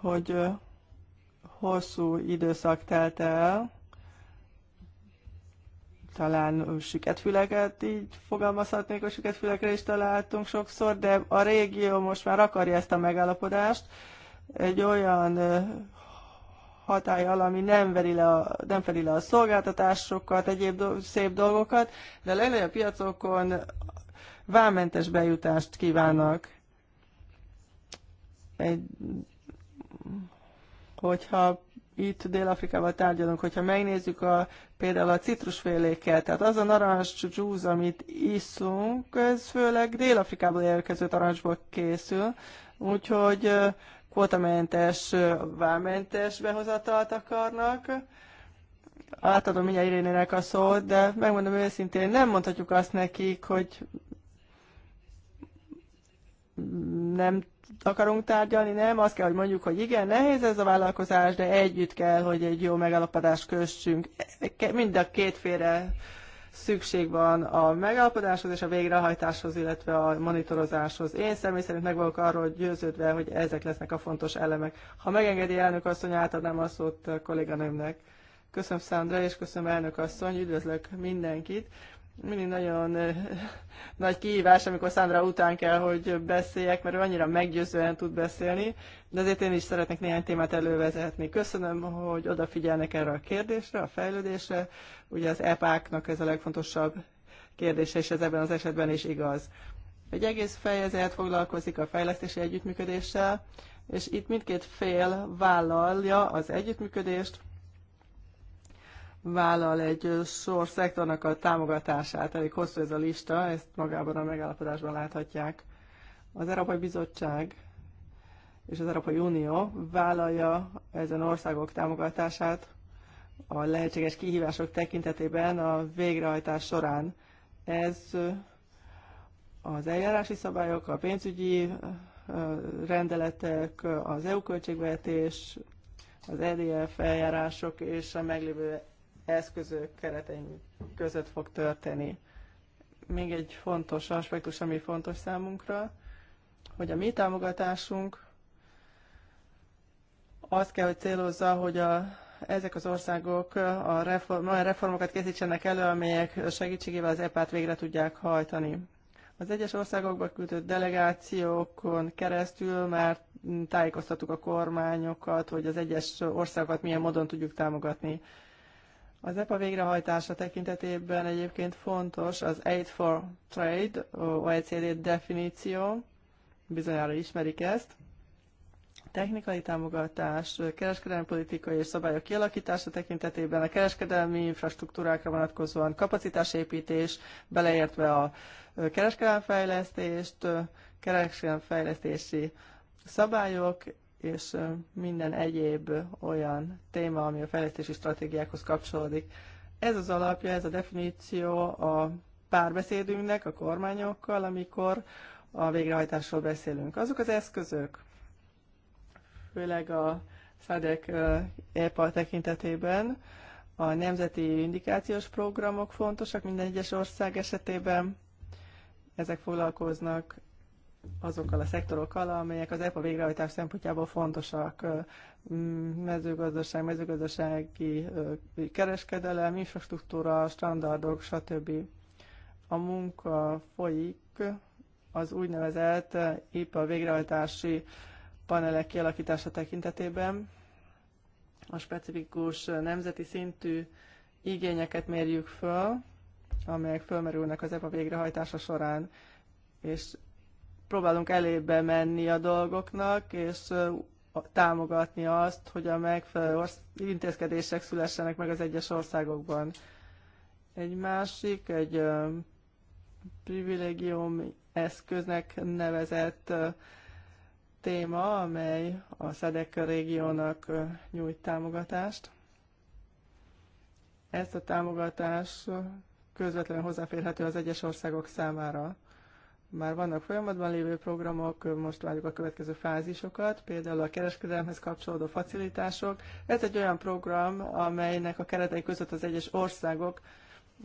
hogy hosszú időszak telt el, talán süketfüleget így fogalmazhatnék, hogy süketfülekre is találtunk sokszor, de a régió most már akarja ezt a megállapodást, egy olyan hatályal, ami nem, veri le a, nem fedi le a szolgáltatásokat, egyéb do- szép dolgokat, de legnagyobb piacokon vámmentes bejutást kívánnak. Egy, hogyha itt Dél-Afrikával tárgyalunk, hogyha megnézzük a, például a citrusféléket, tehát az a narancs juice, amit iszunk, ez főleg Dél-Afrikából érkező narancsból készül, úgyhogy kvótamentes, vámentes behozatalt akarnak. Átadom mindjárt Irénének a szót, de megmondom őszintén, nem mondhatjuk azt nekik, hogy nem akarunk tárgyalni, nem, azt kell, hogy mondjuk, hogy igen, nehéz ez a vállalkozás, de együtt kell, hogy egy jó megállapodást kössünk. Mind a két félre szükség van a megállapodáshoz és a végrehajtáshoz, illetve a monitorozáshoz. Én személy szerint meg vagyok arról győződve, hogy ezek lesznek a fontos elemek. Ha megengedi elnök asszony, átadnám a szót a kolléganőmnek. Köszönöm Szandra, és köszönöm elnök asszony, üdvözlök mindenkit mindig nagyon eh, nagy kihívás, amikor Szandra után kell, hogy beszéljek, mert ő annyira meggyőzően tud beszélni, de azért én is szeretnék néhány témát elővezetni. Köszönöm, hogy odafigyelnek erre a kérdésre, a fejlődésre. Ugye az EPÁK-nak ez a legfontosabb kérdése, és ez ebben az esetben is igaz. Egy egész fejezet foglalkozik a fejlesztési együttműködéssel, és itt mindkét fél vállalja az együttműködést, vállal egy sor szektornak a támogatását. Elég hosszú ez a lista, ezt magában a megállapodásban láthatják. Az Európai Bizottság és az Európai Unió vállalja ezen országok támogatását a lehetséges kihívások tekintetében a végrehajtás során. Ez az eljárási szabályok, a pénzügyi rendeletek, az EU költségvetés, az EDF eljárások és a meglévő eszközök keretein között fog történni. Még egy fontos aspektus, ami fontos számunkra, hogy a mi támogatásunk azt kell, hogy célozza, hogy a, ezek az országok a reform, olyan reformokat készítsenek elő, amelyek segítségével az EPÁT végre tudják hajtani. Az egyes országokba küldött delegációkon keresztül már tájékoztattuk a kormányokat, hogy az egyes országokat milyen módon tudjuk támogatni. Az EPA végrehajtása tekintetében egyébként fontos az Aid for Trade, OECD definíció, bizonyára ismerik ezt. Technikai támogatás, kereskedelmi politikai és szabályok kialakítása tekintetében a kereskedelmi infrastruktúrákra vonatkozóan kapacitásépítés, beleértve a kereskedelmi fejlesztési szabályok és minden egyéb olyan téma, ami a fejlesztési stratégiákhoz kapcsolódik. Ez az alapja, ez a definíció a párbeszédünknek a kormányokkal, amikor a végrehajtásról beszélünk. Azok az eszközök, főleg a SZADEK EPA tekintetében, a nemzeti indikációs programok fontosak minden egyes ország esetében. Ezek foglalkoznak azokkal a szektorokkal, amelyek az EPA végrehajtás szempontjából fontosak, mezőgazdaság, mezőgazdasági kereskedelem, infrastruktúra, standardok, stb. A munka folyik az úgynevezett EPA végrehajtási panelek kialakítása tekintetében. A specifikus nemzeti szintű igényeket mérjük föl, amelyek fölmerülnek az EPA végrehajtása során, és próbálunk elébe menni a dolgoknak, és támogatni azt, hogy a megfelelő intézkedések szülessenek meg az egyes országokban. Egy másik, egy privilégium eszköznek nevezett téma, amely a SZEDEK régiónak nyújt támogatást. Ez a támogatás közvetlenül hozzáférhető az egyes országok számára. Már vannak folyamatban lévő programok, most várjuk a következő fázisokat, például a kereskedelemhez kapcsolódó facilitások. Ez egy olyan program, amelynek a keretei között az egyes országok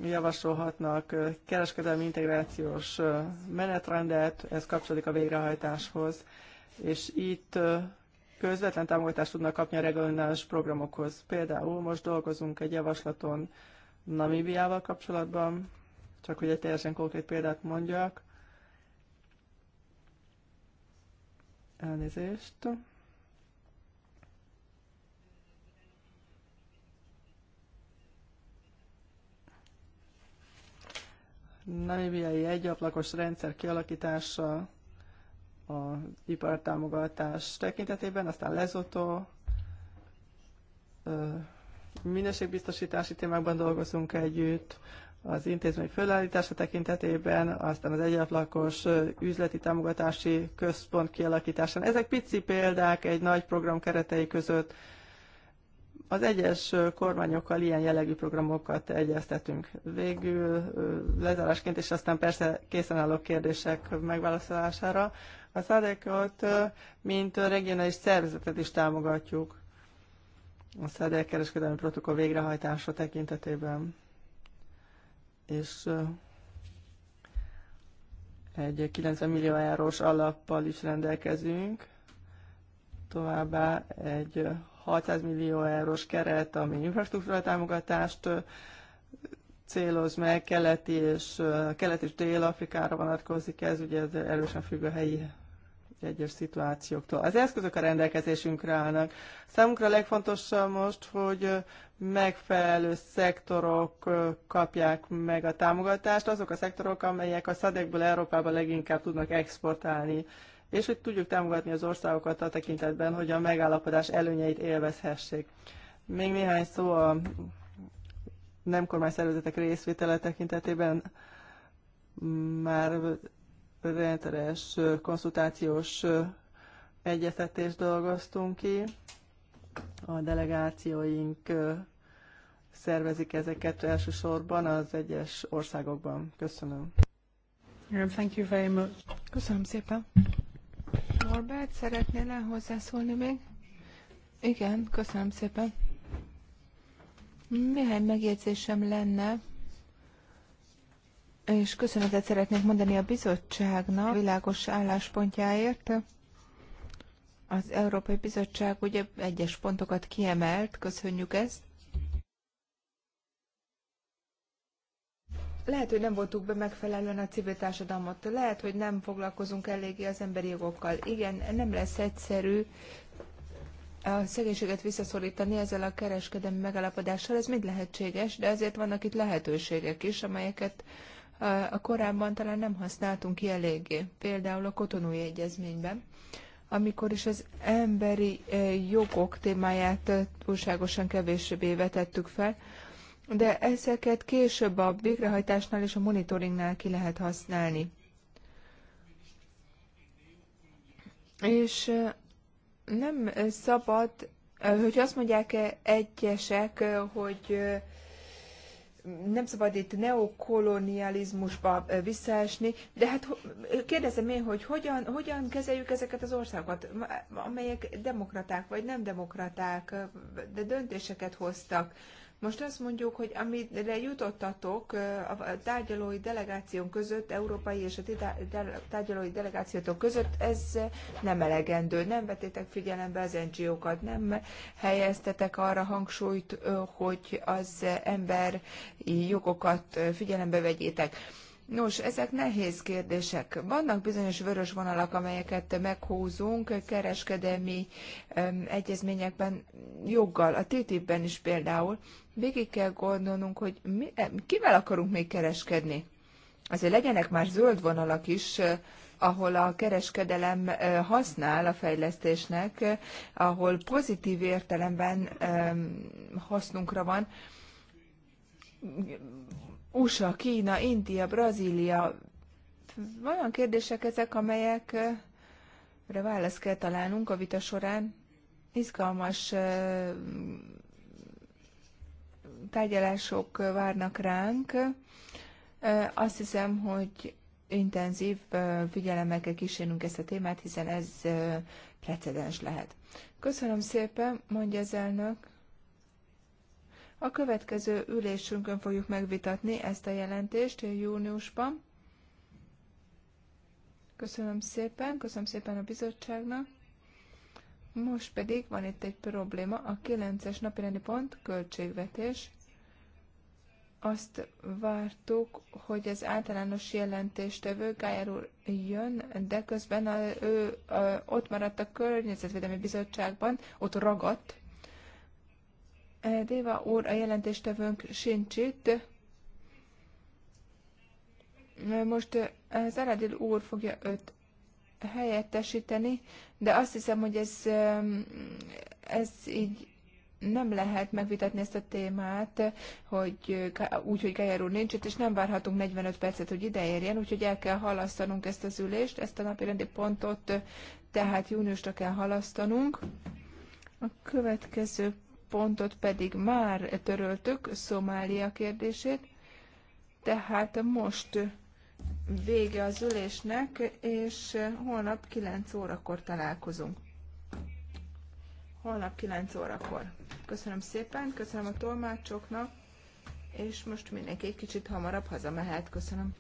javasolhatnak kereskedelmi integrációs menetrendet, ez kapcsolódik a végrehajtáshoz, és itt közvetlen támogatást tudnak kapni a regionális programokhoz. Például most dolgozunk egy javaslaton Namíbiával kapcsolatban, csak hogy egy teljesen konkrét példát mondjak. elnézést. Namibiai egyablakos rendszer kialakítása a ipartámogatás tekintetében, aztán Lesotho, minőségbiztosítási témákban dolgozunk együtt, az intézmény fölállítása tekintetében, aztán az egyablakos üzleti támogatási központ kialakításán. Ezek pici példák egy nagy program keretei között. Az egyes kormányokkal ilyen jellegű programokat egyeztetünk végül lezárásként, és aztán persze készen állok kérdések megválaszolására. A szádekot, mint regionális szervezetet is támogatjuk a szádek kereskedelmi protokoll végrehajtása tekintetében és egy 90 millió eurós alappal is rendelkezünk, továbbá egy 600 millió eurós keret, ami infrastruktúra támogatást céloz meg, keleti és, kelet és dél-Afrikára vonatkozik ez, ugye ez erősen függ a helyi egyes szituációktól. Az eszközök a rendelkezésünkre állnak. Számunkra legfontosabb most, hogy megfelelő szektorok kapják meg a támogatást, azok a szektorok, amelyek a szadekből Európába leginkább tudnak exportálni, és hogy tudjuk támogatni az országokat a tekintetben, hogy a megállapodás előnyeit élvezhessék. Még néhány szó a nem kormány szervezetek részvétele tekintetében már rendszeres konszultációs egyeztetést dolgoztunk ki. A delegációink szervezik ezeket elsősorban az egyes országokban. Köszönöm. Thank you very much. Köszönöm szépen. Norbert, szeretnél -e hozzászólni még? Igen, köszönöm szépen. Néhány megjegyzésem lenne és köszönetet szeretnék mondani a bizottságnak világos álláspontjáért. Az Európai Bizottság ugye egyes pontokat kiemelt, köszönjük ezt. Lehet, hogy nem voltuk be megfelelően a civil társadalmat, lehet, hogy nem foglalkozunk eléggé az emberi jogokkal. Igen, nem lesz egyszerű a szegénységet visszaszorítani ezzel a kereskedelmi megalapodással, ez mind lehetséges, de azért vannak itt lehetőségek is, amelyeket a korábban talán nem használtunk ki eléggé, például a kotonúi egyezményben, amikor is az emberi e, jogok témáját e, túlságosan kevésbé vetettük fel, de ezeket később a végrehajtásnál és a monitoringnál ki lehet használni. És e, nem szabad, hogy azt mondják egyesek, hogy nem szabad itt neokolonializmusba visszaesni, de hát kérdezem én, hogy hogyan, hogyan kezeljük ezeket az országokat, amelyek demokraták vagy nem demokraták, de döntéseket hoztak most azt mondjuk, hogy amire jutottatok a tárgyalói delegáción között, európai és a tárgyalói delegációtok között, ez nem elegendő. Nem vetétek figyelembe az NGO-kat, nem helyeztetek arra hangsúlyt, hogy az ember jogokat figyelembe vegyétek Nos, ezek nehéz kérdések. Vannak bizonyos vörös vonalak, amelyeket meghúzunk kereskedelmi egyezményekben, joggal, a TTIP-ben is például. Végig kell gondolnunk, hogy mi, kivel akarunk még kereskedni. Azért legyenek már zöld vonalak is, eh, ahol a kereskedelem eh, használ a fejlesztésnek, eh, ahol pozitív értelemben hasznunkra van USA, Kína, India, Brazília, olyan kérdések ezek, amelyekre választ kell találnunk a vita során. Izgalmas tárgyalások várnak ránk. Azt hiszem, hogy intenzív figyelemmel kell kísérnünk ezt a témát, hiszen ez precedens lehet. Köszönöm szépen, mondja az elnök. A következő ülésünkön fogjuk megvitatni ezt a jelentést júniusban. Köszönöm szépen, köszönöm szépen a bizottságnak. Most pedig van itt egy probléma, a 9-es napirendi pont költségvetés. Azt vártuk, hogy az általános jelentéstevő Gájár úr jön, de közben a, ő a, ott maradt a Környezetvédelmi Bizottságban, ott ragadt, Eh, Déva úr, a jelentéstevőnk sincs itt. Eh, most eh, Zaradil úr fogja őt helyettesíteni, de azt hiszem, hogy ez, ez így nem lehet megvitatni ezt a témát, hogy úgy, hogy Gajer úr nincs itt, és nem várhatunk 45 percet, hogy ideérjen, úgyhogy el kell halasztanunk ezt az ülést, ezt a napi rendi pontot, tehát júniusra kell halasztanunk. A következő pontot pedig már töröltük, Szomália kérdését, tehát most vége az ülésnek, és holnap 9 órakor találkozunk. Holnap 9 órakor. Köszönöm szépen, köszönöm a tolmácsoknak, és most mindenki egy kicsit hamarabb hazamehet. Köszönöm.